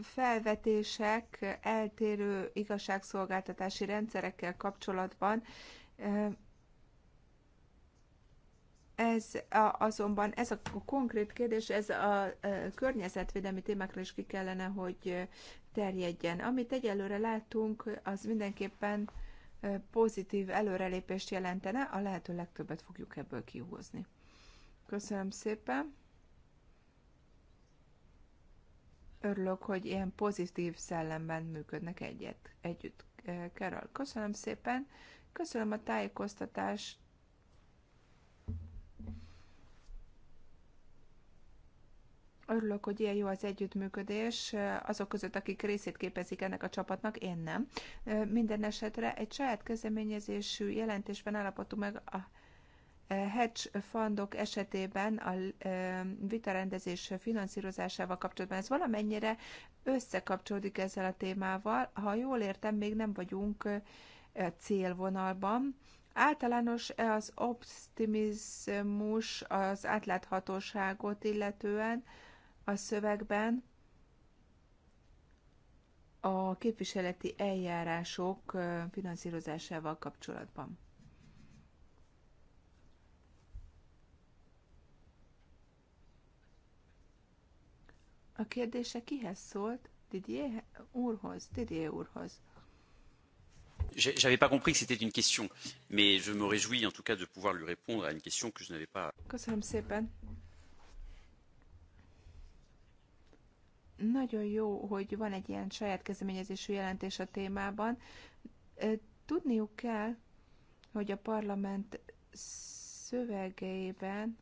S1: felvetések eltérő igazságszolgáltatási rendszerekkel kapcsolatban, ez a, azonban ez a konkrét kérdés, ez a, a környezetvédelmi témákra is ki kellene, hogy terjedjen. Amit egyelőre látunk, az mindenképpen pozitív előrelépést jelentene, a lehető legtöbbet fogjuk ebből kihúzni. Köszönöm szépen! Örülök, hogy ilyen pozitív szellemben működnek egyet, együtt. Carol, köszönöm szépen! Köszönöm a tájékoztatást Örülök, hogy ilyen jó az együttműködés eh, azok között, akik részét képezik ennek a csapatnak, én nem. Eh, minden esetre egy saját kezdeményezésű jelentésben állapodtunk meg a eh, hedge fundok esetében a vitarendezés finanszírozásával kapcsolatban. Ez valamennyire összekapcsolódik ezzel a témával. Ha jól értem, még nem vagyunk célvonalban. Általános az optimizmus az átláthatóságot illetően, a szövegben a képviseleti eljárások finanszírozásával kapcsolatban. A kérdése kihez szólt? Didier úrhoz, Didier úrhoz.
S4: J'avais pas compris que c'était une question, mais je me réjouis en tout cas de pouvoir lui répondre à une question
S2: que je n'avais pas.
S1: Köszönöm szépen. Nagyon jó, hogy van egy ilyen saját kezdeményezésű jelentés a témában. Tudniuk kell, hogy a parlament szövegeiben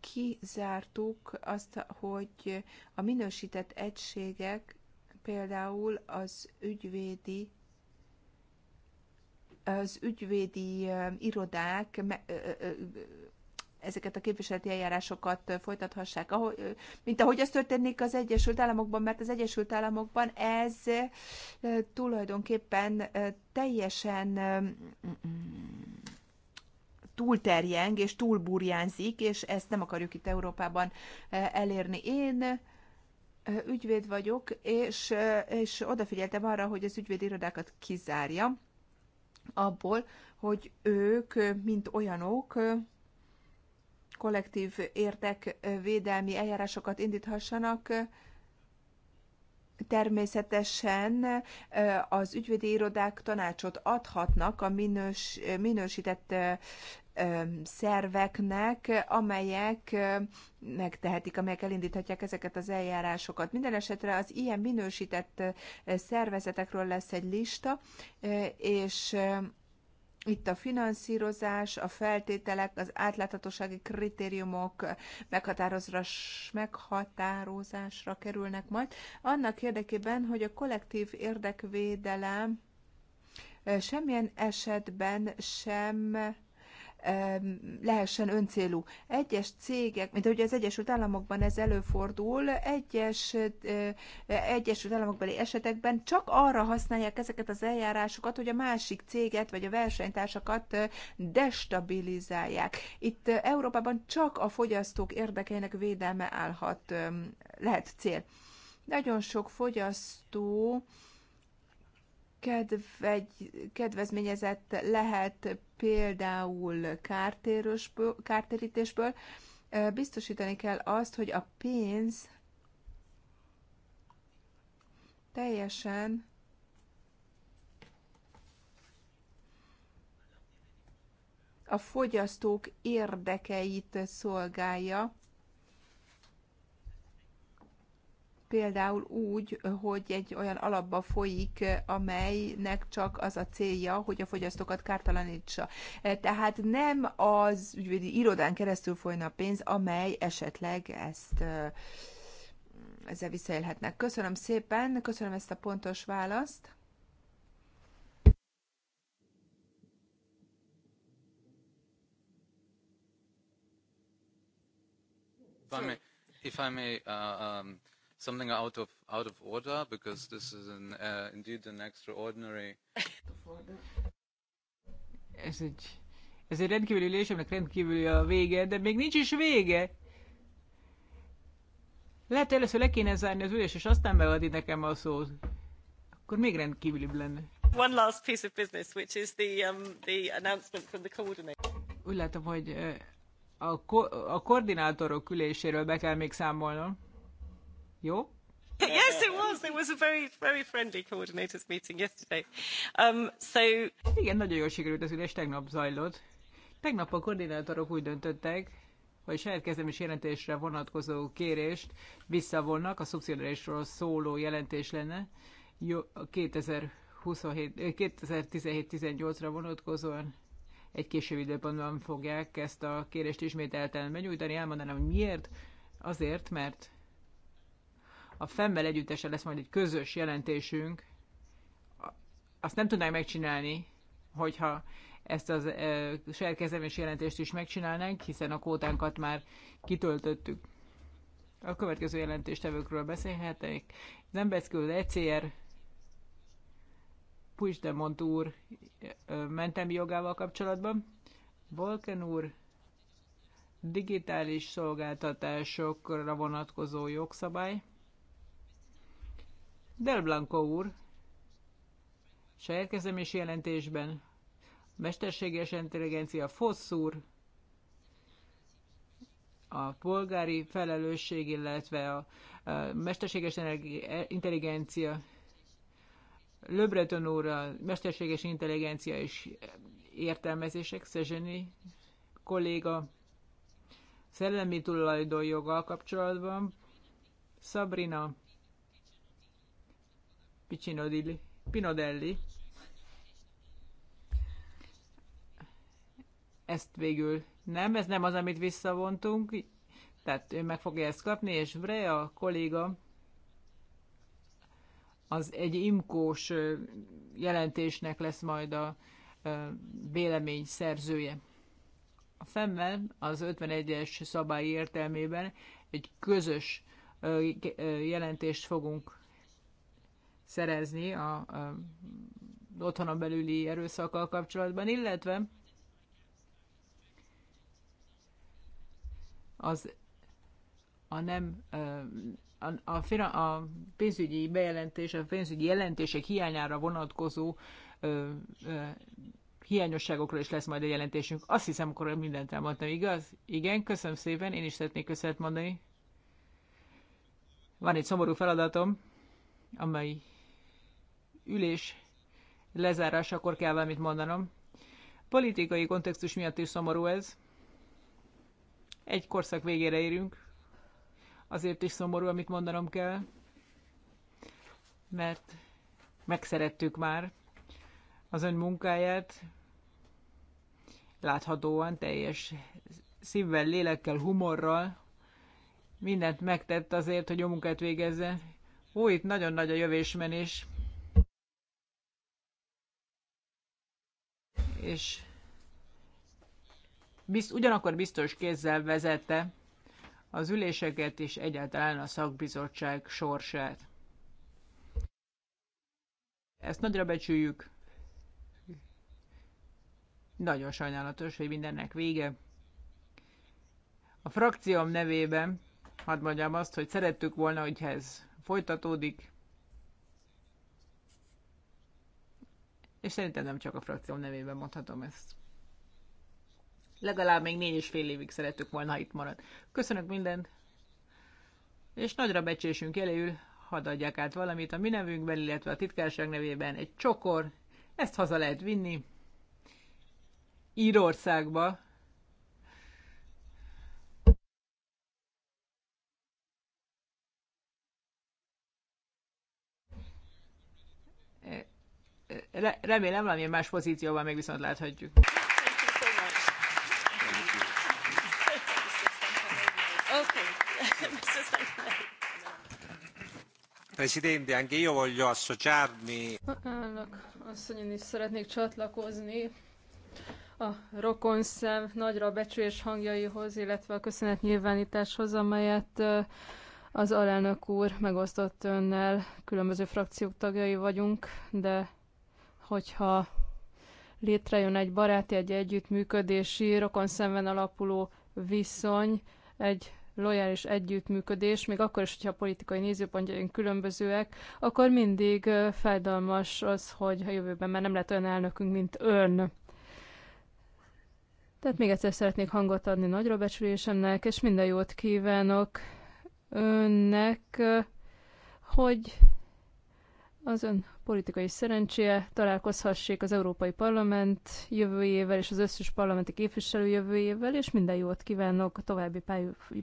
S1: kizártuk azt, hogy a minősített egységek például az ügyvédi az ügyvédi irodák ezeket a képviseleti eljárásokat folytathassák, ahogy, mint ahogy ez történik az Egyesült Államokban, mert az Egyesült Államokban ez tulajdonképpen teljesen túlterjeng és túlburjánzik, és ezt nem akarjuk itt Európában elérni. Én ügyvéd vagyok, és, és odafigyeltem arra, hogy az irodákat kizárja abból, hogy ők, mint olyanok, kollektív érdekvédelmi eljárásokat indíthassanak, Természetesen az ügyvédi irodák tanácsot adhatnak a minős, minősített szerveknek, amelyek megtehetik, amelyek elindíthatják ezeket az eljárásokat. Minden esetre az ilyen minősített szervezetekről lesz egy lista, és itt a finanszírozás, a feltételek, az átláthatósági kritériumok meghatározásra kerülnek majd, annak érdekében, hogy a kollektív érdekvédelem eh, semmilyen esetben sem lehessen öncélú. Egyes cégek, mint ahogy az Egyesült Államokban ez előfordul, egyes eh, Egyesült Államokbeli esetekben csak arra használják ezeket az eljárásokat, hogy a másik céget vagy a versenytársakat eh, destabilizálják. Itt eh, Európában csak a fogyasztók érdekeinek védelme állhat, lehet cél. Nagyon sok fogyasztó kedvegy, kedvezményezett lehet például kártérítésből. Biztosítani kell azt, hogy a pénz teljesen a fogyasztók érdekeit szolgálja, például úgy, hogy egy olyan alapba folyik, amelynek csak az a célja, hogy a fogyasztókat kártalanítsa. E, tehát nem az ügyvédi irodán keresztül folyna a pénz, amely esetleg ezt e, ezzel visszaélhetnek. Köszönöm szépen, köszönöm ezt a pontos választ.
S2: If I may, if I may uh, um, something out of out of order because this is an, uh, indeed an extraordinary.
S4: Ez egy, ez egy rendkívüli ülés, aminek rendkívüli a vége, de még nincs is vége. Lehet, hogy először le kéne zárni az ülés, és aztán beadni nekem a szót. Akkor még rendkívülibb lenne.
S2: One last piece of business, which is the, um, the announcement from the coordinator.
S4: Úgy látom, hogy uh, a, ko- a koordinátorok üléséről be kell még számolnom. Jó? yes, it was. It was a very, very friendly coordinators meeting yesterday. Um, so... Igen, nagyon jól sikerült az ülés, tegnap zajlott. Tegnap a koordinátorok úgy döntöttek, hogy saját kezdeményes jelentésre vonatkozó kérést visszavonnak, a szubszidiarisról szóló jelentés lenne, jó, 2017-18-ra eh, vonatkozóan egy később időpontban fogják ezt a kérést ismételten benyújtani. Elmondanám, hogy miért. Azért, mert a femmel együttesen lesz majd egy közös jelentésünk. Azt nem tudnánk megcsinálni, hogyha ezt az e, saját kezdeményes jelentést is megcsinálnánk, hiszen a kótánkat már kitöltöttük. A következő jelentéstevőkről beszélhetek. Zembeszkül, ECR, Puigdemont úr mentem jogával kapcsolatban, Volken úr digitális szolgáltatásokra vonatkozó jogszabály, Del Blanco úr saját kezdeményes jelentésben, mesterséges intelligencia Fossz úr, a polgári felelősség, illetve a, a mesterséges intelligencia, Löbreton úr, a mesterséges intelligencia és értelmezések, Szezseni kolléga, szellemi tulajdonjoggal kapcsolatban, Sabrina Picinodelli. Pinodelli. Ezt végül nem, ez nem az, amit visszavontunk, tehát ő meg fogja ezt kapni, és Vre a kolléga az egy imkós jelentésnek lesz majd a vélemény szerzője. A femmel az 51-es szabály értelmében egy közös jelentést fogunk szerezni a, a otthonon belüli erőszakkal kapcsolatban, illetve az a nem a, a, a pénzügyi bejelentés, a pénzügyi jelentések hiányára vonatkozó ö, ö, hiányosságokról is lesz majd egy jelentésünk. Azt hiszem, akkor mindent elmondtam, igaz? Igen, köszönöm szépen, én is szeretnék köszönet mondani. Van egy szomorú feladatom, amely ülés lezárásakor kell valamit mondanom. Politikai kontextus miatt is szomorú ez. Egy korszak végére érünk. Azért is szomorú, amit mondanom kell, mert megszerettük már az ön munkáját, láthatóan teljes szívvel, lélekkel, humorral mindent megtett azért, hogy a munkát végezze. Ó, itt nagyon nagy a jövésmenés. és bizt, ugyanakkor biztos kézzel vezette az üléseket és egyáltalán a szakbizottság sorsát. Ezt nagyra becsüljük. Nagyon sajnálatos, hogy mindennek vége. A frakcióm nevében hadd mondjam azt, hogy szerettük volna, hogy ez folytatódik, és szerintem nem csak a frakcióm nevében mondhatom ezt. Legalább még négy és fél évig szerettük volna, ha itt marad. Köszönök mindent, és nagyra becsésünk eléül, hadd adják át valamit a mi nevünkben, illetve a titkárság nevében egy csokor, ezt haza lehet vinni Írországba, remélem valamilyen más pozícióban még viszont láthatjuk. Presidente, anche io voglio associarmi.
S3: Elnök asszonyon is szeretnék csatlakozni a rokonszem nagyra becsülés hangjaihoz, illetve a köszönet nyilvánításhoz, amelyet az alelnök úr megosztott önnel. Különböző frakciók tagjai vagyunk, de hogyha létrejön egy baráti, egy együttműködési, rokon szemben alapuló viszony, egy lojális együttműködés, még akkor is, hogyha a politikai nézőpontjaink különbözőek, akkor mindig fájdalmas az, hogy a jövőben már nem lehet olyan elnökünk, mint ön. Tehát még egyszer szeretnék hangot adni nagyra becsülésemnek, és minden jót kívánok önnek, hogy az ön politikai szerencséje találkozhassék az Európai Parlament jövőjével és az összes parlamenti képviselő jövőjével, és minden jót kívánok a további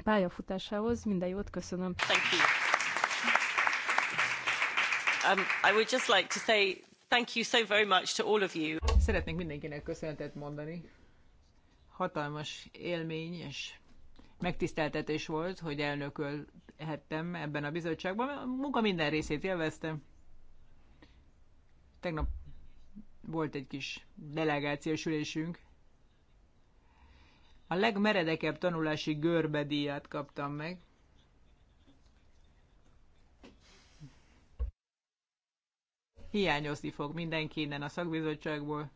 S3: pályafutásához. Minden jót köszönöm. Thank you.
S4: Um, I would just like to say thank you so very much to all of you. Szeretnék mindenkinek köszönetet mondani. Hatalmas élmény és megtiszteltetés volt, hogy elnökölhettem ebben a bizottságban. A munka minden részét élveztem Tegnap volt egy kis delegációs ülésünk. A legmeredekebb tanulási görbe kaptam meg. Hiányozni fog mindenki innen a szakbizottságból.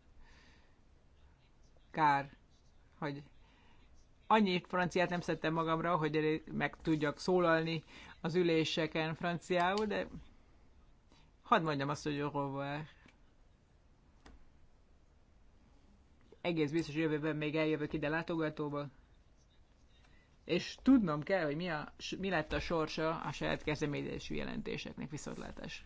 S4: Kár, hogy annyi franciát nem szedtem magamra, hogy meg tudjak szólalni az üléseken franciául, de hadd mondjam azt, hogy au revoir. egész biztos jövőben még eljövök ide látogatóba, és tudnom kell, hogy mi, a, mi lett a sorsa a saját kezdeményezésű jelentéseknek. Viszontlátásra!